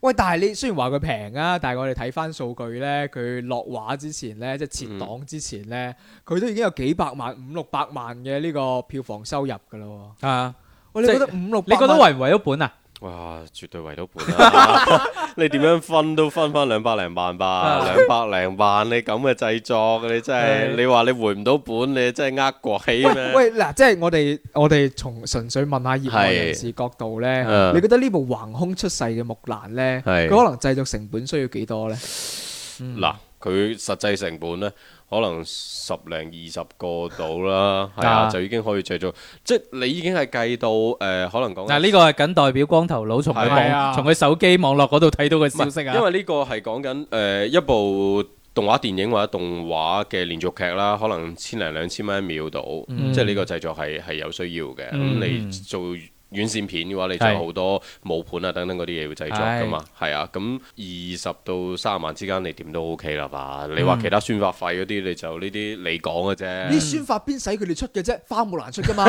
喂，但係你雖然話佢平啊，但係我哋睇返數據咧，佢落畫之前咧，即係撤檔之前咧，佢、嗯、都已經有幾百萬、五六百萬嘅呢個票房收入㗎喇。啊，我哋覺得五六，你覺得，你覺得為唔為咗本啊？哇！絕對回到本啦、啊， *laughs* 你點樣分都分翻兩百零萬吧，兩 *laughs* 百零萬你咁嘅製作，你真係 *laughs* 你話你回唔到本，你真係呃鬼咩？喂，嗱，即係我哋我哋從純粹問，問下業內人士角度呢，是你覺得呢部橫空出世嘅木蘭呢，佢是可能製作成本需要幾多呢？嗱是，佢、嗯、實際成本呢。可能十零二十個到啦，係 *laughs* 啊，就已經可以製作，即係你已經係計到誒、呃，可能講，但係呢個係僅代表光頭佬從佢、啊、從佢手機網絡嗰度睇到嘅消息啊，因為呢個係講緊誒一部動畫電影或者動畫嘅連續劇啦，可能千零兩千蚊一秒到，嗯、即係呢個製作係係有需要嘅，咁、嗯、你做。院線片嘅話，你就好多武盤啊，等等嗰啲嘢要製作噶嘛，係啊的，咁二十到三十萬之間，你點都 OK 啦吧？嗯、你話其他宣發費嗰啲，你就呢啲你講嘅啫。呢、嗯、宣發邊使佢哋出嘅啫？花木蘭出噶嘛？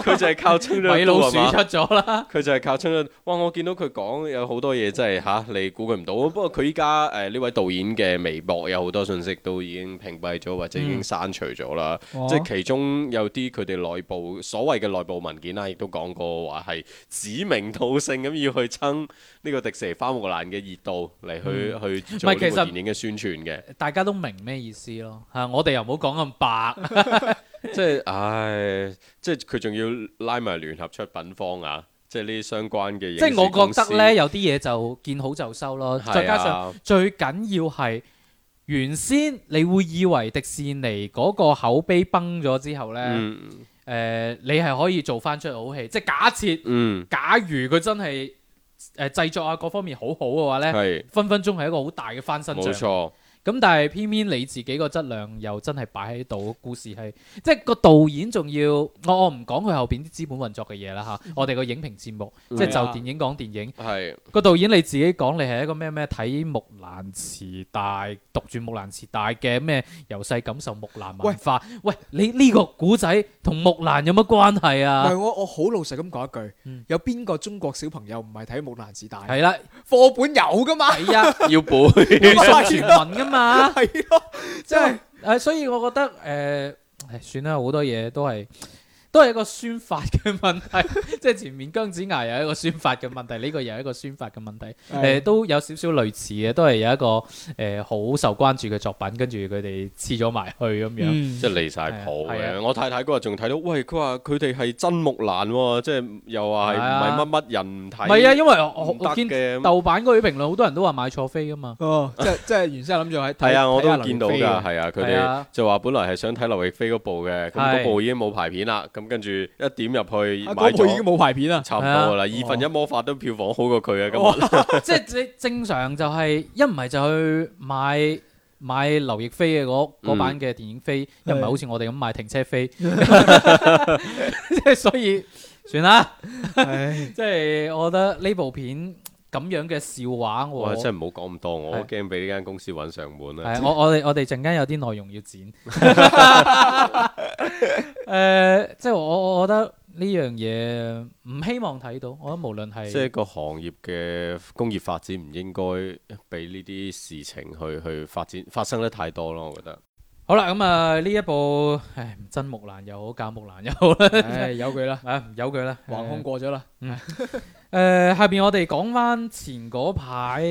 佢 *laughs* *laughs* *laughs* 就係靠清倉米老鼠出咗啦。佢就係靠清倉。哇！我見到佢講有好多嘢，真係嚇你估佢唔到。不過佢依家誒呢位導演嘅微博有好多信息都已經屏蔽咗，或者已經刪除咗啦。嗯、即係其中有啲佢哋內部所謂嘅內部文件啦、啊，亦都講過。我話係指名道姓咁要去蹭呢個迪士尼《花木蘭》嘅熱度嚟去去做呢部實電影嘅宣傳嘅，大家都明咩意思咯吓？我哋又唔好講咁白， *laughs* *laughs* 即係，唉，即係佢仲要拉埋聯合出品方啊，即係呢相關嘅嘢。即係我覺得呢，有啲嘢就見好就收咯。再加上是、啊、最緊要係原先你會以為迪士尼嗰個口碑崩咗之後呢。嗯嗯誒、呃，你係可以做翻出好戲，即係假設，嗯、假如佢真係誒、呃、製作啊各方面好好嘅話咧，是 分分鐘係一個好大嘅翻身仗。咁但係偏偏你自己個質量又真係擺喺度，故事係即係個導演仲要，我我唔講佢後邊啲資本運作嘅嘢啦嚇。我哋個影評節目即係就電影講電影，係個導演你自己講你係一個咩咩睇木蘭辭大讀住木蘭辭大嘅咩，由細感受木蘭文化。喂，你呢個古仔同木蘭有乜關係啊？係我我好老實咁講一句，有邊個中國小朋友唔係睇木蘭辭大？係啦，課本有噶嘛？係啊，要背要背全文噶。係咯，即係，誒，所以我覺得，誒、呃，算啦，好多嘢都係。都係一個宣發嘅問題，即係前面姜子牙有一個宣發嘅問題，呢個又有一個宣發嘅問題，誒都有少少類似嘅，都係有一個誒好受關注嘅作品，跟住佢哋黐咗埋去咁樣，即係離晒譜嘅。我太太嗰日仲睇到，喂，佢話佢哋係真木蘭喎，即係又話係唔係乜乜人睇？唔係啊，因為我我見豆瓣嗰啲評論好多人都話買錯飛噶嘛，哦，即係即係原先諗住係睇啊，我都見到㗎，係啊，佢哋就話本來係想睇劉亦菲嗰部嘅，咁嗰部已經冇排片啦。咁跟住一點入去買咗，啊、已經冇排片啦，差唔多啦。二、哦、分一魔法都票房好過佢啊！咁、哦、 *laughs* 即係正常就係、是、一唔係就去買買劉亦菲嘅嗰版嘅電影飛，又唔係好似我哋咁買停車飛。即係的 *laughs* *laughs* 所以算啦。的 *laughs* 即係我覺得呢部片。咁樣嘅笑話我、啊，真係唔好講咁多，我好驚俾呢間公司揾上門啦、啊。我我哋我哋陣間有啲內容要剪。誒、 *laughs* *laughs* 呃，即係我我覺得呢樣嘢唔希望睇到。我覺得無論係，即係個行業嘅工業發展唔應該俾呢啲事情去去發展發生得太多咯。我覺得。好啦，咁啊呢一部，唉，真木蘭又好，假木蘭又好啦。 *laughs* 唉，由佢啦，啊，由佢啦，橫空過咗啦。嗯 *laughs* 誒，下邊我哋講翻前嗰排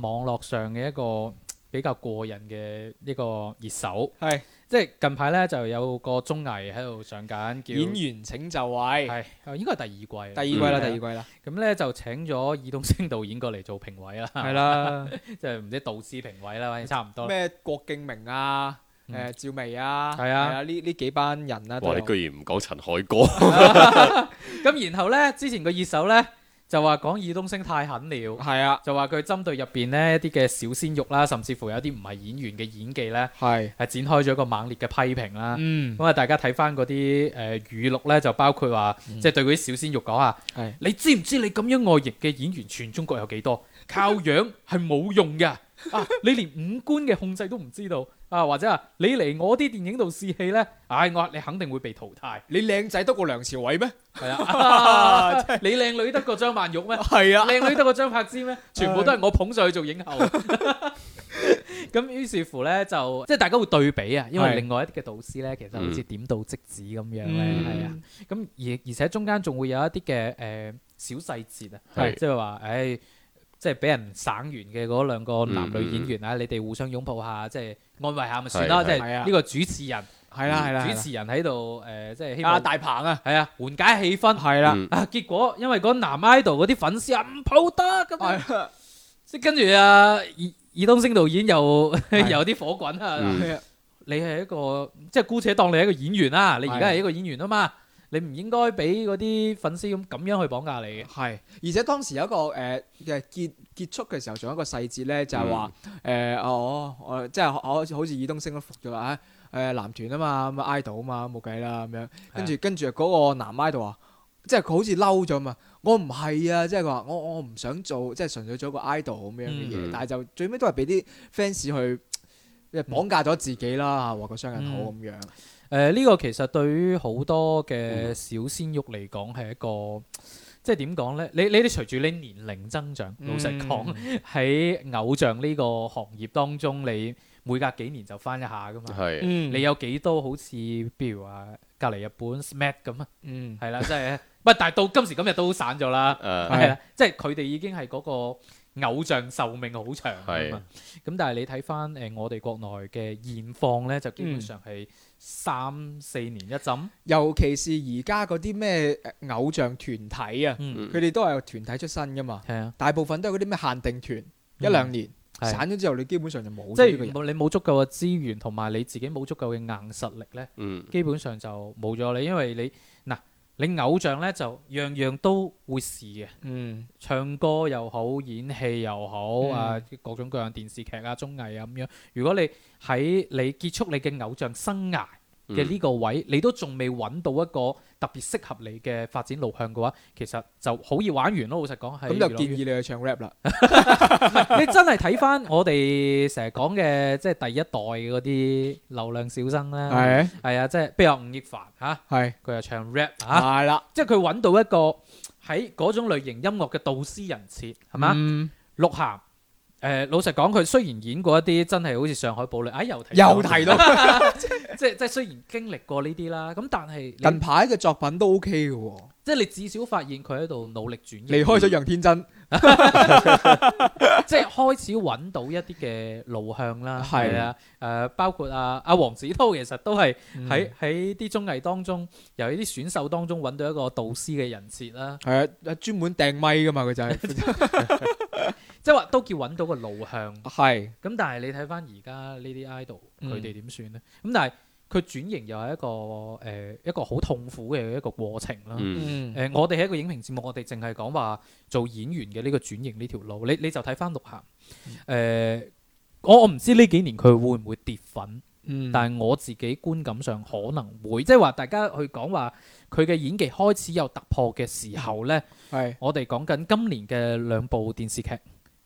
網絡上嘅一個比較過癮嘅一個熱搜，係即係近排咧就有個綜藝喺度上緊，叫演員請就位，係應該係第二季，第二季啦，第二季啦。咁咧就請咗爾冬升導演過嚟做評委啦，係啦，即係唔知導師評委啦，反正差唔多。咩郭敬明啊，誒趙薇啊，係啊，呢呢幾班人啦。哇，你居然唔講陳凱歌？咁然後咧，之前個熱搜咧。就話講爾冬陞太狠了，係啊，就話佢針對入邊呢一啲嘅小鮮肉啦，甚至乎有啲唔係演員嘅演技呢，係係是展開咗一個猛烈嘅批評啦。咁啊、嗯，大家睇翻嗰啲誒語錄呢，就包括話，即係、嗯、對嗰啲小鮮肉講下，是你知唔知你咁樣外型嘅演員，全中國有幾多？靠樣係冇用㗎。啊！你連五官嘅控制都唔知道啊，或者啊，你嚟我啲電影度試戲呢？唉，我你肯定會被淘汰。你靚仔得過梁朝偉咩？係啊，你靚女得過張曼玉咩？係啊，靚 *laughs* 女得過張柏芝咩？全部都係我捧上去做影后。咁 *laughs* 於 *laughs* 是乎呢， *laughs* 就即係大家會對比啊，因為另外一啲嘅導師呢，其實好似點到即止咁樣呢。係、嗯、啊。咁而而且中間仲會有一啲嘅誒小細節啊，即係話唉。即係俾人省完嘅嗰兩個男女演員啊，你哋互相擁抱下，即係安慰下咪算啦。即係呢個主持人係啦係啦，主持人喺度誒，即係阿大鵬啊，係啊，緩解氣氛係啦。啊，結果因為嗰男 idol 嗰啲粉絲啊，唔抱得咁，即係跟住啊，以爾東升導演又又有啲火滾啊。你係一個即係姑且當你係一個演員啊。你而家係一個演員啊嘛。你唔應該俾嗰啲粉絲咁咁樣去綁架你嘅。係，而且當時有一個誒嘅、呃、結結束嘅時候，仲有一個細節咧，就係話誒，我我即係好似好似爾冬升咁服咗啦，誒、呃、男團啊嘛，咁啊 idol 啊嘛，冇計啦咁樣。嗯、跟住跟住嗰個男 idol 話，即係佢好似嬲咗嘛，我唔係啊，即係佢話我我唔想做，即係純粹做一個 idol 咁樣嘅嘢，嗯嗯、但係就最尾都係俾啲 fans 去即係綁架咗自己啦，話個雙人好咁樣、嗯。誒呢、呃這個其實對於好多嘅小鮮肉嚟講係一個，嗯、即係點講呢？你你哋隨住你年齡增長，嗯、老實講喺偶像呢個行業當中，你每隔幾年就翻一下噶嘛。係、嗯，你有幾多好似譬如話隔離日本 SMAP 咁啊？嗯，係啦，即係，不過 *laughs* 但係到今時今日都散咗啦。誒、嗯，係是啦，即係佢哋已經係嗰、那個。偶像壽命好長啊嘛，咁是但係你睇翻誒我哋國內嘅現況呢，就基本上係三四年一針、嗯，尤其是而家嗰啲咩偶像團體啊，佢哋、嗯、都係有團體出身噶嘛，啊、大部分都係嗰啲咩限定團，一、嗯、兩年是散咗之後，你基本上就冇，即係你冇足夠嘅資源同埋你自己冇足夠嘅硬實力呢，嗯、基本上就冇咗你，因為你。你偶像呢，就樣樣都會試嘅，嗯、唱歌又好，演戲又好、嗯、啊，各種各樣電視劇啊、綜藝啊咁樣。如果你喺你結束你嘅偶像生涯，嘅呢、嗯、個位，你都仲未揾到一個特別適合你嘅發展路向嘅話，其實就好易玩完咯。老實講係。咁就、嗯哎、建議你去唱 rap 啦。你真係睇翻我哋成日講嘅，即係第一代嗰啲流量小生啦。係係的的、就是、啊，即係譬如吳亦凡嚇，係佢又唱 rap 嚇、啊。係啦的，的即係佢揾到一個喺嗰種類型音樂嘅導師人設，係嘛？嗯，鹿晗。誒、呃，老實講，佢雖然演過一啲真係好似上海堡壘，哎又提到又提咯 *laughs* 即， *laughs* 即係即係雖然經歷過呢啲啦，咁但係近排嘅作品都 O K 嘅，即係你至少發現佢喺度努力轉移，離開咗楊天真，即係開始揾到一啲嘅路向啦。係啊， *laughs* 誒、呃，包括阿阿黃子韜，其實都係喺喺啲綜藝當中，由呢啲選秀當中揾到一個導師嘅人設啦。係啊，專門掟咪噶嘛，佢就係。即係話都叫揾到個路向，係咁是、嗯。但係你睇翻而家呢啲 idol，佢哋點算呢？咁但係佢轉型又係一個誒、呃、一個好痛苦嘅一個過程啦。誒、嗯呃，我哋係一個影評節目，我哋淨係講話做演員嘅呢個轉型呢條路。你你就睇翻鹿晗，誒、呃，我我唔知呢幾年佢會唔會跌粉，嗯、但係我自己觀感上可能會，即係話大家去講話佢嘅演技開始有突破嘅時候呢，係是我哋講緊今年嘅兩部電視劇。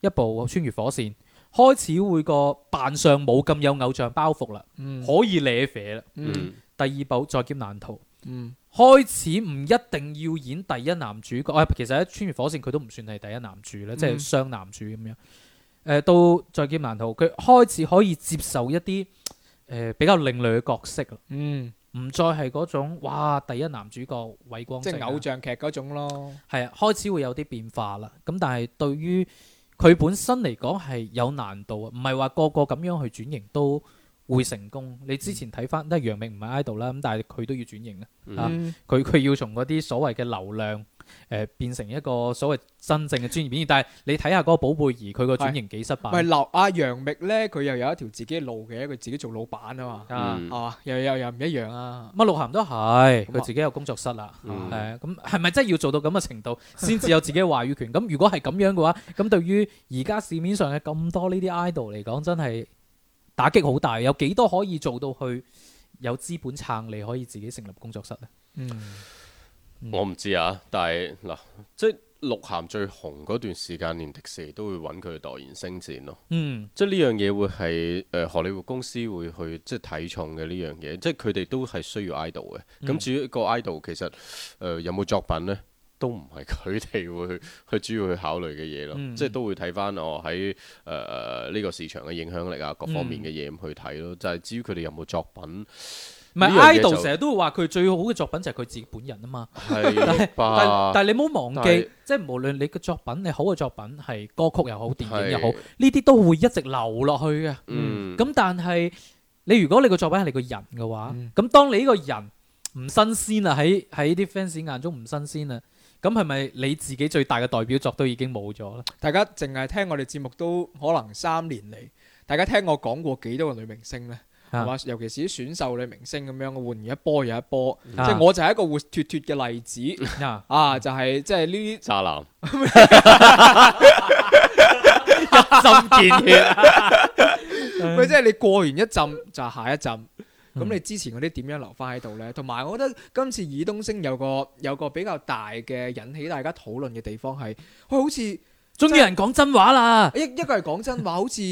一部《穿越火線》開始會個扮相，冇咁有偶像包袱啦，嗯、可以 lie 飛啦。嗯、第二部《在劫難逃》嗯、開始唔一定要演第一男主角，哎、其實喺《穿越火線》佢都唔算係第一男主咧，即係雙男主咁樣。嗯、到《在劫難逃》佢開始可以接受一啲、呃、比較另類嘅角色啦，唔、嗯、再係嗰種哇第一男主角偉光，即係偶像劇嗰種咯。係啊，開始會有啲變化啦。咁但係對於佢本身嚟講係有難度啊，唔係話個個咁樣去轉型都會成功。你之前睇翻即係楊冪唔係 idol 啦，咁但係佢都要轉型、嗯、啊，佢佢要從嗰啲所謂嘅流量。誒、呃，變成一個所謂真正嘅專業演員， *laughs* 但係你睇下嗰個寶貝兒，佢個轉型幾失敗。咪劉阿楊冪呢，佢又有一條自己路嘅，佢自己做老闆啊嘛，嗯、啊又又又唔一樣啊。乜鹿晗都係，佢自己有工作室啦，係咁係咪真係要做到咁嘅程度，先至有自己嘅話語權？咁 *laughs* 如果係咁樣嘅話，咁對於而家市面上嘅咁多呢啲 idol 嚟講，真係打擊好大。有幾多可以做到去有資本撐，你可以自己成立工作室啊？嗯。我唔知啊，但係嗱，即係鹿晗最紅嗰段時間，連迪士尼都會揾佢代言星戰咯。嗯、即係呢樣嘢會係誒、呃、荷里活公司會去即係睇重嘅呢樣嘢，即係佢哋都係需要 idol 嘅。咁、嗯、至於個 idol 其實誒、呃、有冇作品呢？都唔係佢哋會去去主要去考慮嘅嘢咯。嗯、即係都會睇翻我喺誒呢個市場嘅影響力啊，各方面嘅嘢咁去睇咯。就係、嗯、至於佢哋有冇作品。唔係，idol 成日都會話佢最好嘅作品就係佢自己本人啊嘛。係是吧， *laughs* 但係但係你唔好忘記，是即係無論你嘅作品，你好嘅作品係歌曲又好，電影又好，呢啲都會一直流落去嘅。嗯，嗯。咁但係你如果你個作品係你，的人的、嗯、你個人嘅話，咁當你呢個人唔新鮮啊，喺喺啲 fans 眼中唔新鮮啊，咁係咪你自己最大嘅代表作都已經冇咗咧？大家淨係聽我哋節目都可能三年嚟，大家聽我講過幾多個女明星咧？尤其是啲選秀女明星咁樣，換完一波又一波，嗯、即係我就係一個活脫脫嘅例子。嗯、啊，就係、是、即係呢啲渣男， *laughs* *laughs* 一針見血。喂、 *laughs* 嗯，即係你過完一針就是、下一針，咁、嗯、你之前嗰啲點樣留翻喺度呢？同埋，我覺得今次爾冬升有個有個比較大嘅引起大家討論嘅地方係，佢好似終於有人講真話啦。一一個係講真話，好似。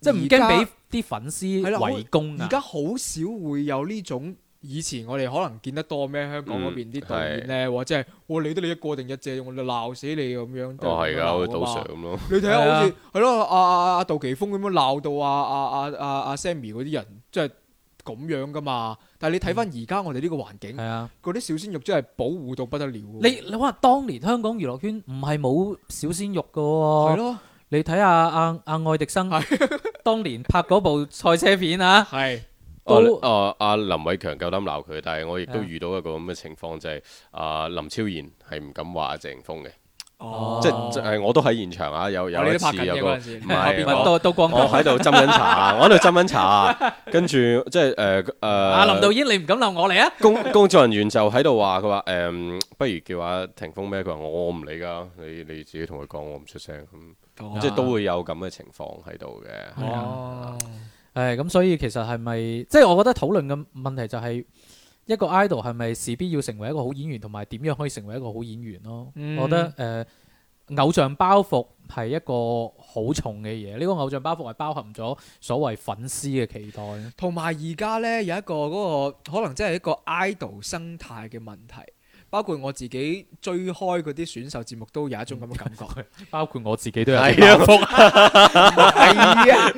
即係唔驚俾啲粉絲圍攻，而家好少會有呢種，以前我哋可能見得多咩？香港嗰邊啲導演咧，嗯、或者我理得你一個定一隻，我就鬧死你咁樣、哦、樣。哦， *laughs* 係噶、啊，島上咁咯。你睇下，好似係咯，阿阿杜琪峰咁樣鬧到阿阿阿阿阿 Sammy 嗰啲人，即係咁樣噶嘛。但係你睇翻而家我哋呢個環境，係、嗯、啊，嗰啲小鮮肉真係保護到不得了。你你話當年香港娛樂圈唔係冇小鮮肉噶？係咯。你睇下阿阿愛迪生，當年拍嗰部賽車片啊！係都啊！阿林偉強夠膽鬧佢，但係我亦都遇到一個咁嘅情況，就係阿林超賢係唔敢話霆鋒嘅。哦，即係我都喺現場啊！有有一次有個唔係，我喺度斟緊茶，我喺度斟緊茶，跟住即係誒誒。阿林導演，你唔敢鬧我嚟啊？工工作人員就喺度話佢話誒，不如叫阿霆鋒咩？佢話我我唔理㗎，你你自己同佢講，我唔出聲。對即係都會有咁嘅情況喺度嘅。對的哦，誒的，咁所以其實係咪，即、就、係、是、我覺得討論嘅問題就係一個 idol 係咪是，是事必要成為一個好演員，同埋點樣可以成為一個好演員咯？嗯、我覺得誒、呃，偶像包袱係一個好重嘅嘢。呢、這個偶像包袱係包含咗所謂粉絲嘅期待，同埋而家呢有一個嗰、那個可能即係一個 idol 生態嘅問題。包括我自己追開嗰啲選秀節目都有一種咁嘅感覺， *laughs* 包括我自己都有幸福，係啊，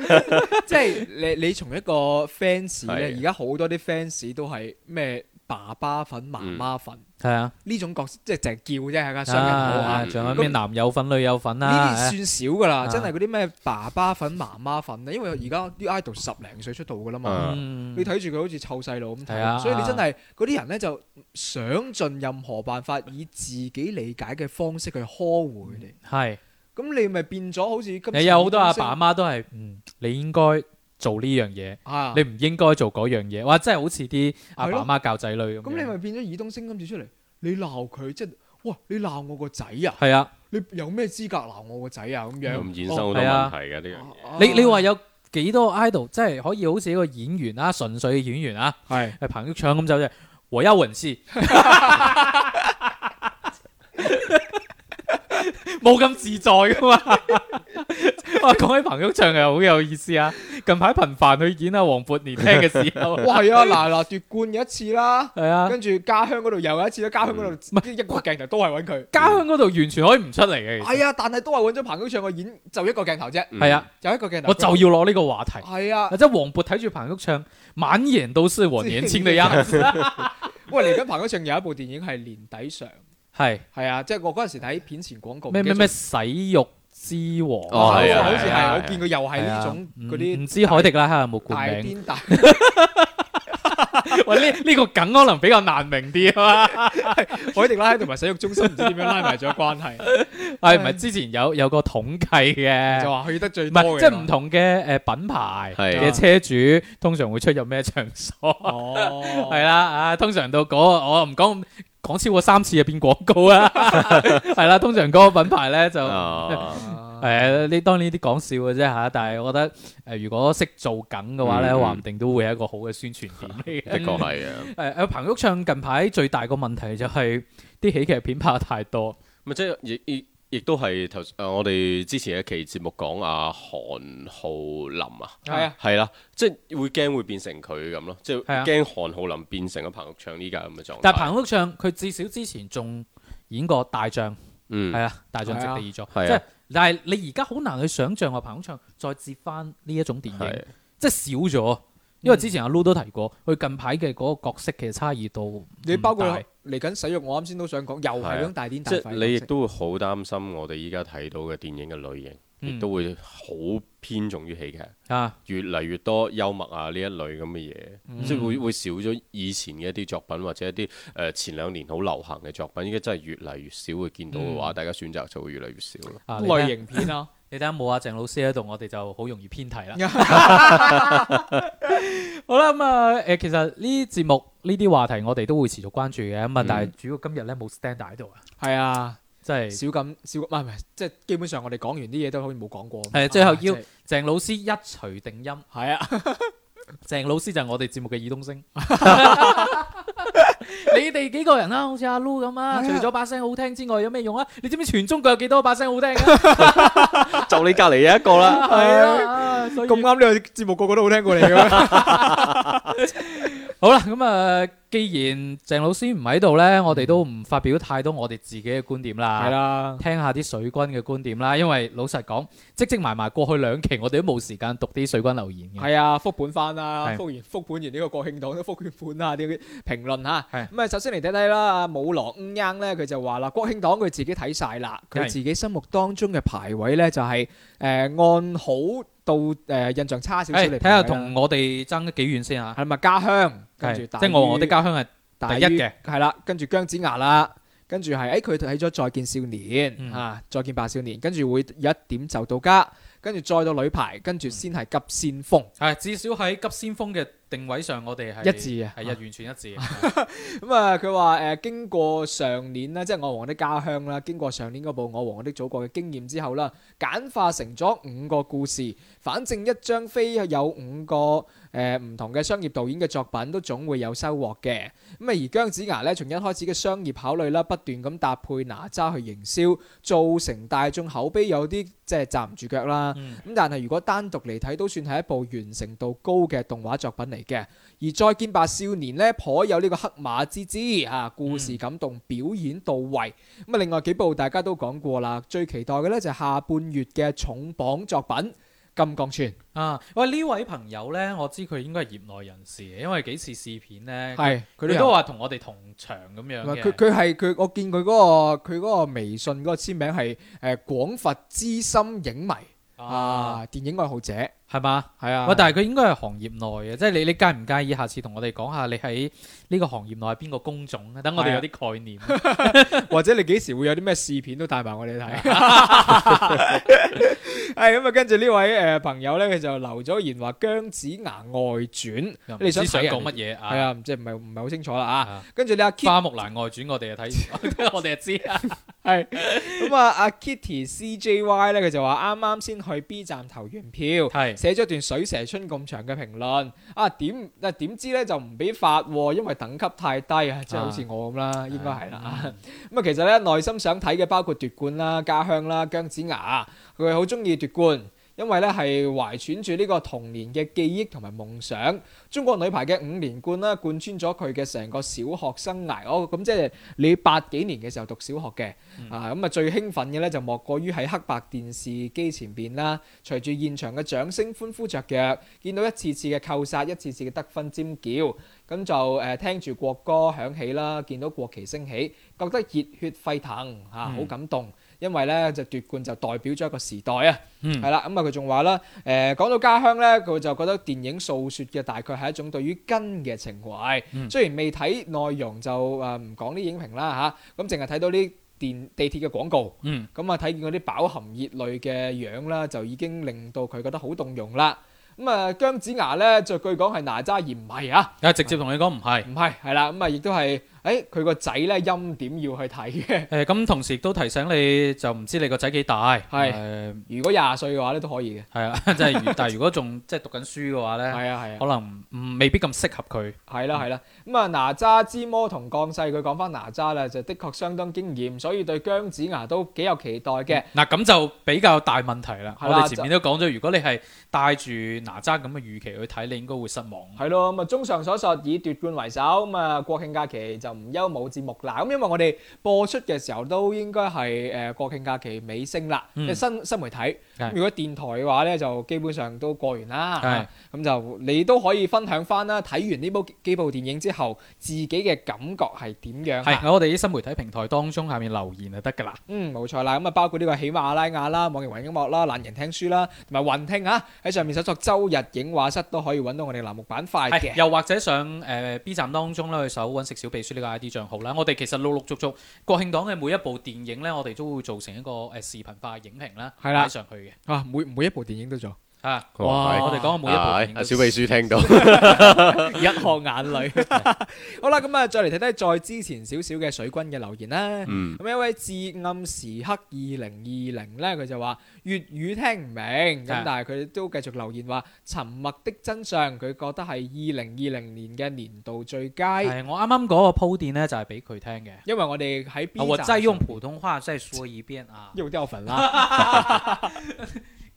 即係你你從一個 fans 咧，而家好多啲 fans 都係咩？爸爸粉、媽媽粉，係啊、嗯，呢種角色即係淨係叫啫，係啊，雙眼、嗯，仲有嗰啲男友粉、那女友粉啊，呢啲算少噶啦，啊、真係嗰啲咩爸爸粉、媽媽粉咧，因為而家啲 idol 十零歲出道噶啦嘛，嗯、你睇住佢好似湊細路咁，睇啊、嗯，所以你真係嗰啲人咧就想盡任何辦法以自己理解嘅方式去呵護佢哋，係、嗯，咁你咪變咗好似，你有好多阿爸阿媽都係，嗯，你應該，做呢樣嘢，你唔應該做嗰樣嘢。哇，真係好似啲阿爸媽，媽教仔女咁。咁、啊、你咪變咗耳東升今次出嚟，你鬧佢即係，哇！你鬧我個仔啊？係啊！你有咩資格鬧我個仔啊？咁樣咁衍生好多問題嘅啲、哦啊。你你話有幾多 idol 即係可以好似一個演員啦，純粹嘅演員啊？係對，彭昱暢咁走啫和丘雲師，冇咁 *laughs* *laughs* 自在噶嘛。 *laughs* *laughs* 哇，講起彭昱暢又好有意思啊！近排頻繁去演阿黃渤年輕嘅時候，係啊，嗱嗱奪冠一次啦，係啊，跟住家鄉嗰度又有一次啦，家鄉嗰度唔一個鏡頭都係搵佢，家鄉嗰度完全可以唔出嚟嘅，係啊，但係都係搵咗彭昱暢去演就一個鏡頭啫，係啊，就一個鏡頭，我就要攞呢個話題，係啊，即係黃渤睇住彭昱暢滿眼都是黃年輕嘅人。喂，嚟緊彭昱暢有一部電影係年底上，係係啊，即係我嗰陣時睇片前廣告，咩咩咩洗浴。之王、哦、啊，好似係我見過，又係呢種嗰啲唔知凱迪拉克有冇冠名？喂，呢呢、 *laughs* *laughs* 呢個梗可能比較難明啲啊！凱 *laughs* 迪拉克同埋洗浴中心唔知點樣拉埋咗關係？係唔係之前有有個統計嘅？就話去得最多即係唔同嘅誒品牌嘅、啊、車主通常會出入咩場所？係啦啊，通常到嗰、嗰個、我唔講。講超過三次就變廣告啊，係啦，通常嗰個品牌咧就，係啊、 *laughs* *laughs* 哎，呢當呢啲講笑嘅啫吓，但係我覺得，誒、呃，如果識做梗嘅話咧，話唔、嗯、定都會係一個好嘅宣傳片。嚟嘅，嗯。的確係啊。誒誒、嗯，彭昱暢近排最大個問題就係、是、啲喜劇片拍太多，咪即係亦都係頭誒，我哋之前一期節目講阿韓浩林啊，係啊，係啦、啊，即係會驚會變成佢咁咯，即係驚韓浩林變成阿彭浩翔呢家咁嘅狀態。但係彭浩翔佢至少之前仲演過大將，嗯，係啊，大將接第二座，即係，但係你而家好難去想像啊，彭浩翔再接返呢一種電影，即係、啊啊、少咗。因為之前阿 l u 都提過，佢近排嘅嗰個角色其實差異多。你包括嚟緊使用，我啱先都想講，又係咁大癲大快。即、啊就是，你亦都會好擔心我哋依家睇到嘅電影嘅類型，亦都會好偏重於喜劇。啊，越嚟越多幽默啊呢一類咁嘅嘢，即係、啊、會會少咗以前嘅一啲作品或者一啲誒前兩年好流行嘅作品，依家真係越嚟越少會見到嘅話，嗯、大家選擇就會越嚟越少。類型片啊。 *laughs* 你睇下冇啊，鄭老師喺度，我哋就好容易偏題啦。 *laughs* *laughs* *laughs* 好啦，咁啊，誒，其實呢啲節目、呢啲話題，我哋都會持續關注嘅。咁啊，但係主要今日咧冇 stand 大喺度啊。係啊、就是，即係少咁少，唔係唔係，即係、就是、基本上我哋講完啲嘢都好似冇講過。係，最後要鄭老師一錘定音。係啊，就是、鄭老師就係我哋節目嘅耳東升。 *laughs* *laughs* 你哋幾個人啊？好似阿 Lu 咁啊，啊除咗把聲好聽之外，有咩用啊？你知唔知全中國有幾多把聲好聽啊？就 *laughs* *laughs* 你隔籬有一個啦。係 *laughs* 啊，咁啱呢個節目個個都好聽過你嘅。好啦，咁啊。 *laughs* *laughs* *laughs* 既然鄭老師唔喺度咧，我哋都唔發表太多我哋自己嘅觀點啦。聽下啲水軍嘅觀點啦。因為老實講，積積埋埋過去兩期，我哋都冇時間讀啲水軍留言嘅。係啊，覆本翻啦，覆完覆本完呢個國慶檔都覆完本啦啲評論嚇。咁啊，首先嚟睇睇啦。武羅恩央咧，佢就話啦，國慶檔佢自己睇晒啦，佢自己心目當中嘅排位咧就係誒按好到誒印象差少少嚟排。睇下同我哋爭幾遠先啊。係咪家鄉？跟住，即係我和我的家鄉係第一嘅，係啦。跟住姜子牙啦，跟住係誒，佢睇咗再見少年啊、嗯，再見白少年，跟住會一點就到家，跟住再到女排，跟住先係急先鋒。係、嗯，至少喺急先鋒嘅定位上我，我哋係一致嘅，係一完全一致。咁啊，佢話誒，經過上年呢，即係我和我的家鄉啦，經過上年嗰部我和我的祖國嘅經驗之後啦，簡化成咗五個故事，反正一張飛有五個。誒唔、呃、同嘅商業導演嘅作品都總會有收穫嘅，咁啊而姜子牙呢，從一開始嘅商業考慮啦，不斷咁搭配哪吒去營銷，造成大眾口碑有啲即係站唔住腳啦。咁、嗯、但係如果單獨嚟睇，都算係一部完成度高嘅動畫作品嚟嘅。而再見吧少年呢，頗有呢個黑馬之姿嚇、啊，故事感動，表演到位。咁啊、嗯，另外幾部大家都講過啦，最期待嘅呢就係、是、下半月嘅重磅作品。金鋼村，啊！喂，呢位朋友呢，我知佢應該係業內人士，因為幾次試片呢，係佢哋都話同我哋同場咁樣，佢，佢係佢，我見佢嗰、嗰個佢嗰個微信嗰個簽名係，誒，廣佛資深影迷。啊！電影愛好者係嘛，係啊，喂，但係佢應該係行業內嘅，即係你你介唔介意下次同我哋講下你喺呢個行業內係邊個工種咧？等我哋有啲概念，或者你幾時會有啲咩視片都帶埋我哋睇。係咁啊，跟住呢位誒朋友咧，佢就留咗言話《姜子牙外傳》，你想講乜嘢？係啊，即係唔係唔係好清楚啦啊！跟住呢，阿花木蘭外傳，我哋就睇，我哋係知啊。係咁 *laughs* 啊，阿 Kitty CJY 咧，佢就話啱啱先去 B 站投完票，係是寫咗段水蛇春咁長嘅評論。啊，點啊，點知咧就唔俾發、哦，因為等級太低啊，即係好似我咁啦，應該係啦。咁啊、 *laughs* 嗯嗯，其實咧，內心想睇嘅包括奪冠啦、家鄉啦、姜子牙，佢好中意奪冠。因為咧係懷揣住呢個童年嘅記憶同埋夢想，中國女排嘅五連冠啦，貫穿咗佢嘅成個小學生涯。哦，咁、嗯嗯、即係你八幾年嘅時候讀小學嘅啊，咁、嗯、啊、嗯、最興奮嘅咧就莫過於喺黑白電視機前邊啦，隨住現場嘅掌聲歡呼雀躍，見到一次次嘅扣殺，一次次嘅得分尖叫，咁就誒聽住國歌響起啦，見到國旗升起，覺得熱血沸騰嚇，好感動。因為咧就奪冠就代表咗一個時代啊，係啦，咁啊佢仲話啦，誒講到家鄉咧，佢就覺得電影《訴說》嘅大概係一種對於根嘅情懷。雖然未睇內容就誒唔講啲影評啦嚇，咁淨係睇到啲電地鐵嘅廣告，咁啊睇見嗰啲飽含熱淚嘅樣啦，就已經令到佢覺得好動容啦。咁啊姜子牙咧，就據講係哪吒而唔係啊，直接同你講唔係，唔係係啦，咁啊亦都係。誒佢個仔咧陰點要去睇嘅？誒咁同時都提醒你，就唔知你個仔幾大？係。如果廿歲嘅話咧，都可以嘅。係啊，真係。但係如果仲即係讀緊書嘅話咧，係啊係啊，可能唔未必咁適合佢。係啦係啦。咁啊哪吒之魔童降世，佢講翻哪吒咧，就的確相當驚豔，所以對姜子牙都幾有期待嘅。嗱咁就比較大問題啦。我哋前面都講咗，如果你係帶住哪吒咁嘅預期去睇，你應該會失望。係咯，咁啊，綜上所述，以奪冠為首，咁啊國慶假期就。唔休冇節目啦，咁因為我哋播出嘅時候都應該係誒國慶假期尾聲啦，嘅新、嗯、新媒體。咁如果電台嘅話咧，就基本上都過完啦。咁就你都可以分享翻啦。睇完呢部幾部電影之後，自己嘅感覺係點樣？喺我哋啲新媒體平台當中下面留言就得㗎啦。嗯，冇錯啦。咁啊，包括呢個喜馬拉雅啦、網易雲音樂啦、懶人聽書啦同埋雲聽啊，喺上面搜索周日影畫室都可以揾到我哋欄目板塊嘅。又或者上誒 B 站當中咧去搜揾食小秘書呢個 ID 賬號啦。我哋其實陸陸續續國慶檔嘅每一部電影咧，我哋都會做成一個誒視頻化嘅影評啦，拉上去。啊，每每一部電影都做。吓！我哋講個每一部，小秘書聽到一河眼淚。好啦，咁啊，再嚟睇睇再之前少少嘅水軍嘅留言啦。咁一位至暗時刻二零二零咧，佢就話粵語聽唔明，咁但係佢都繼續留言話沉默的真相，佢覺得係二零二零年嘅年度最佳。係我啱啱嗰個鋪墊咧，就係俾佢聽嘅，因為我哋喺邊再用普通話再說一遍啊！又掉粉啦。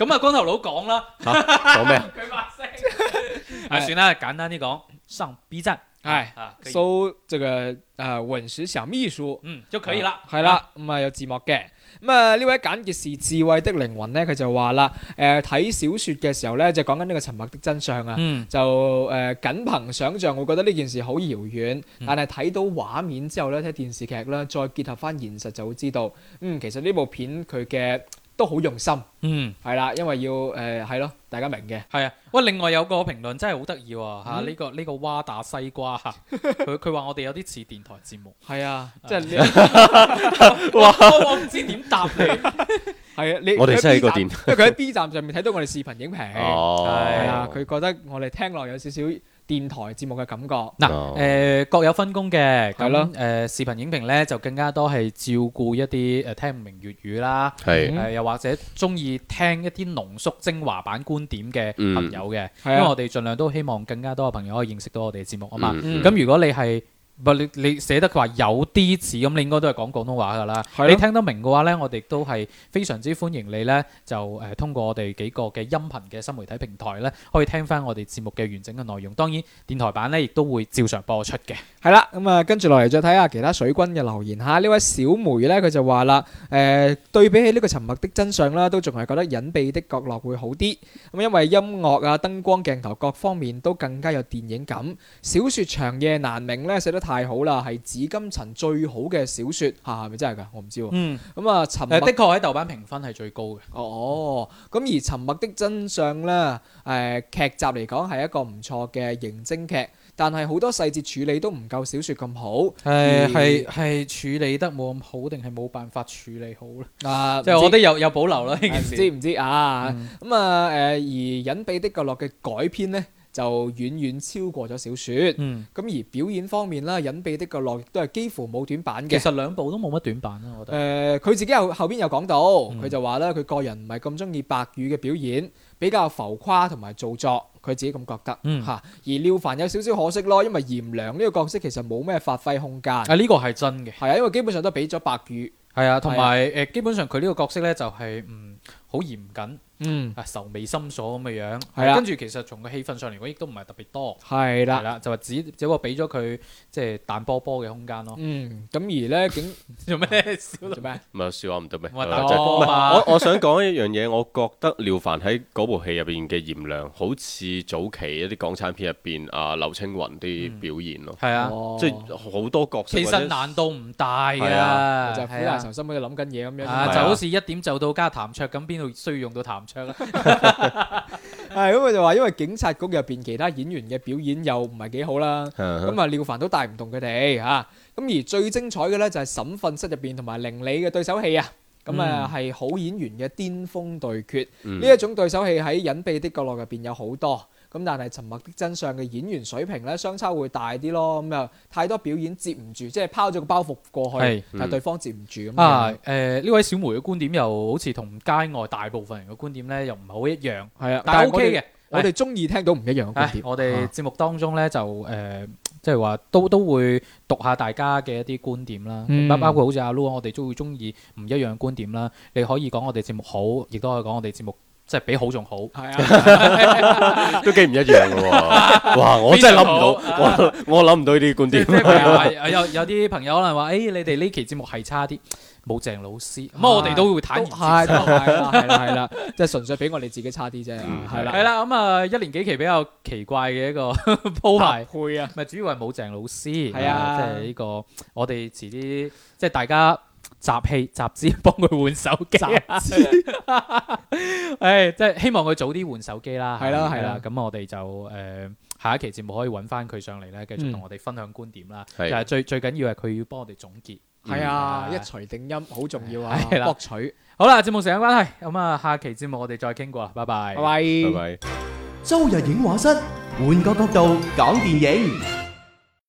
咁啊，光頭佬講啦，講咩啊？佢把聲，算啦，簡單啲講，上 B 站係，搜是、啊 so, 這個誒，揾、呃、食小秘書，嗯，就可以了，係啦、啊，咁了啊、嗯、有字幕嘅，咁啊呢位簡潔是智慧的靈魂咧，佢就話啦，誒、呃、睇小說嘅時候咧，就是、講緊呢個沉默的真相啊，嗯、就誒僅憑想象，我覺得呢件事好遙遠，但係睇到畫面之後咧，睇電視劇啦，再結合翻現實就會知道，嗯，其實呢部片佢嘅。都好用心，嗯，係啦，因為要誒係咯，大家明嘅。係啊，喂，另外有個評論真係好得意喎，吓，呢個呢個蛙打西瓜，佢佢話我哋有啲似電台節目，係啊，即係你我我唔知點答你，係啊，你我哋真係一個電，因為佢喺 B 站上面睇到我哋視頻影評，係啊，佢覺得我哋聽落有少少。電台節目嘅感覺，嗱誒、啊呃、各有分工嘅，咁誒、哦呃、視頻影評咧就更加多係照顧一啲誒、呃、聽唔明粵語啦，誒是、呃、又或者鍾意聽一啲濃縮精華版觀點嘅朋友嘅，因為、嗯、我哋盡量都希望更加多嘅朋友可以認識到我哋嘅節目啊嘛，咁如果你係。你你寫得佢話有啲似咁，你應該都係講廣東話㗎啦。的你聽得明嘅話呢，我哋都係非常之歡迎你呢。就誒通過我哋幾個嘅音頻嘅新媒體平台呢，可以聽翻我哋節目嘅完整嘅內容。當然電台版呢亦都會照常播出嘅。係啦，咁啊跟住落嚟再睇下其他水軍嘅留言嚇。呢位小梅呢，佢就話啦誒，對比起呢個沉默的真相啦，都仲係覺得隱秘的角落會好啲。咁、嗯、因為音樂啊、燈光、鏡頭各方面都更加有電影感。小説長夜難明呢。寫得太。太好啦，係紫金陳最好嘅小説嚇，係、啊、咪真係㗎？我唔知喎。嗯。咁、嗯、啊，沉誒的確喺豆瓣評分係最高嘅、哦。哦哦。咁而《沉默的真相》呢咧、呃，誒劇集嚟講係一個唔錯嘅刑偵劇，但係好多細節處理都唔夠小説咁好。係係係處理得冇咁好，定係冇辦法處理好咧？啊，即係我都有有保留啦，唔知唔知啊。咁啊誒，而隱秘的角落嘅改編咧。就遠遠超過咗小說。嗯，咁而表演方面啦，《隱秘的角落》亦都係幾乎冇短板嘅。其實兩部都冇乜短板咯，我覺得。誒、呃，佢自己後面又後邊又講到，佢、嗯、就話咧，佢個人唔係咁中意白宇嘅表演，比較浮誇同埋造作，佢自己咁覺得。嗯、啊，而廖凡有少少可惜咯，因為嚴良呢個角色其實冇咩發揮空間。啊，呢個係真嘅。係啊，因為基本上都俾咗白宇。係啊，同埋誒，啊、基本上佢呢個角色咧就係唔好嚴謹。嗯，愁眉深鎖咁嘅樣，跟住其實從個氣氛上嚟講亦都唔係特別多，係啦，就話只只不過俾咗佢即係彈波波嘅空間咯。嗯，咁而咧竟做咩笑？做咩？唔係笑話唔得咩？我我想講一樣嘢，我覺得廖凡喺嗰部戲入邊嘅嚴良，好似早期一啲港產片入邊啊劉青雲啲表現咯。係啊，即係好多角色。其實難度唔大啊，就苦大仇深喺度諗緊嘢咁樣。就好似一點就到家譚卓咁，邊度需要用到譚？唱啦，係咁佢就話，因為警察局入邊其他演員嘅表演又唔係幾好啦，咁啊廖凡都帶唔動佢哋吓，咁而最精彩嘅咧就係審訊室入邊同埋凌李嘅對手戲啊，咁啊係好演員嘅巔峰對決。呢一種對手戲喺隱秘的角落入邊有好多。咁但係沉默的真相嘅演員水平咧，相差會大啲咯。咁又太多表演接唔住，即係拋咗個包袱過去，嗯、但係對方接唔住咁啊。誒、呃、呢位小梅嘅觀點又好似同街外大部分人嘅觀點咧，又唔係好一樣。係啊，但係 OK 嘅，我哋中意聽到唔一樣嘅觀點。啊、我哋節目當中咧就誒，即係話都都會讀下大家嘅一啲觀點啦。嗯、包括好似阿 Luo，我哋都會中意唔一樣嘅觀點啦。你可以講我哋節目好，亦都可以講我哋節目。即係比好仲好，係啊，都幾唔一樣嘅喎！哇，我真係諗唔到，我我諗唔到呢啲觀點。有有啲朋友可能話：誒、欸，你哋呢期節目係差啲，冇鄭老師。咁我哋都會坦然接受。係啦係啦，即係、啊啊啊啊、純粹俾我哋自己差啲啫。係啦係啦，咁、嗯、啊，啊，啊，一年幾期比較奇怪嘅一個鋪排，配啊，咪主要係冇鄭老師。係啊，即係呢個我哋遲啲，即係、這個、大家。集氣集資幫佢換手機，集資，唉，即係希望佢早啲換手機啦。係啦係啦，咁我哋就誒下一期節目可以揾翻佢上嚟咧，繼續同我哋分享觀點啦。係，係最最緊要係佢要幫我哋總結。係啊，一錘定音好重要啊。博取，好啦，節目時間關係，咁啊，下期節目我哋再傾過啦，拜拜，拜拜，周日影畫室換個角度講電影。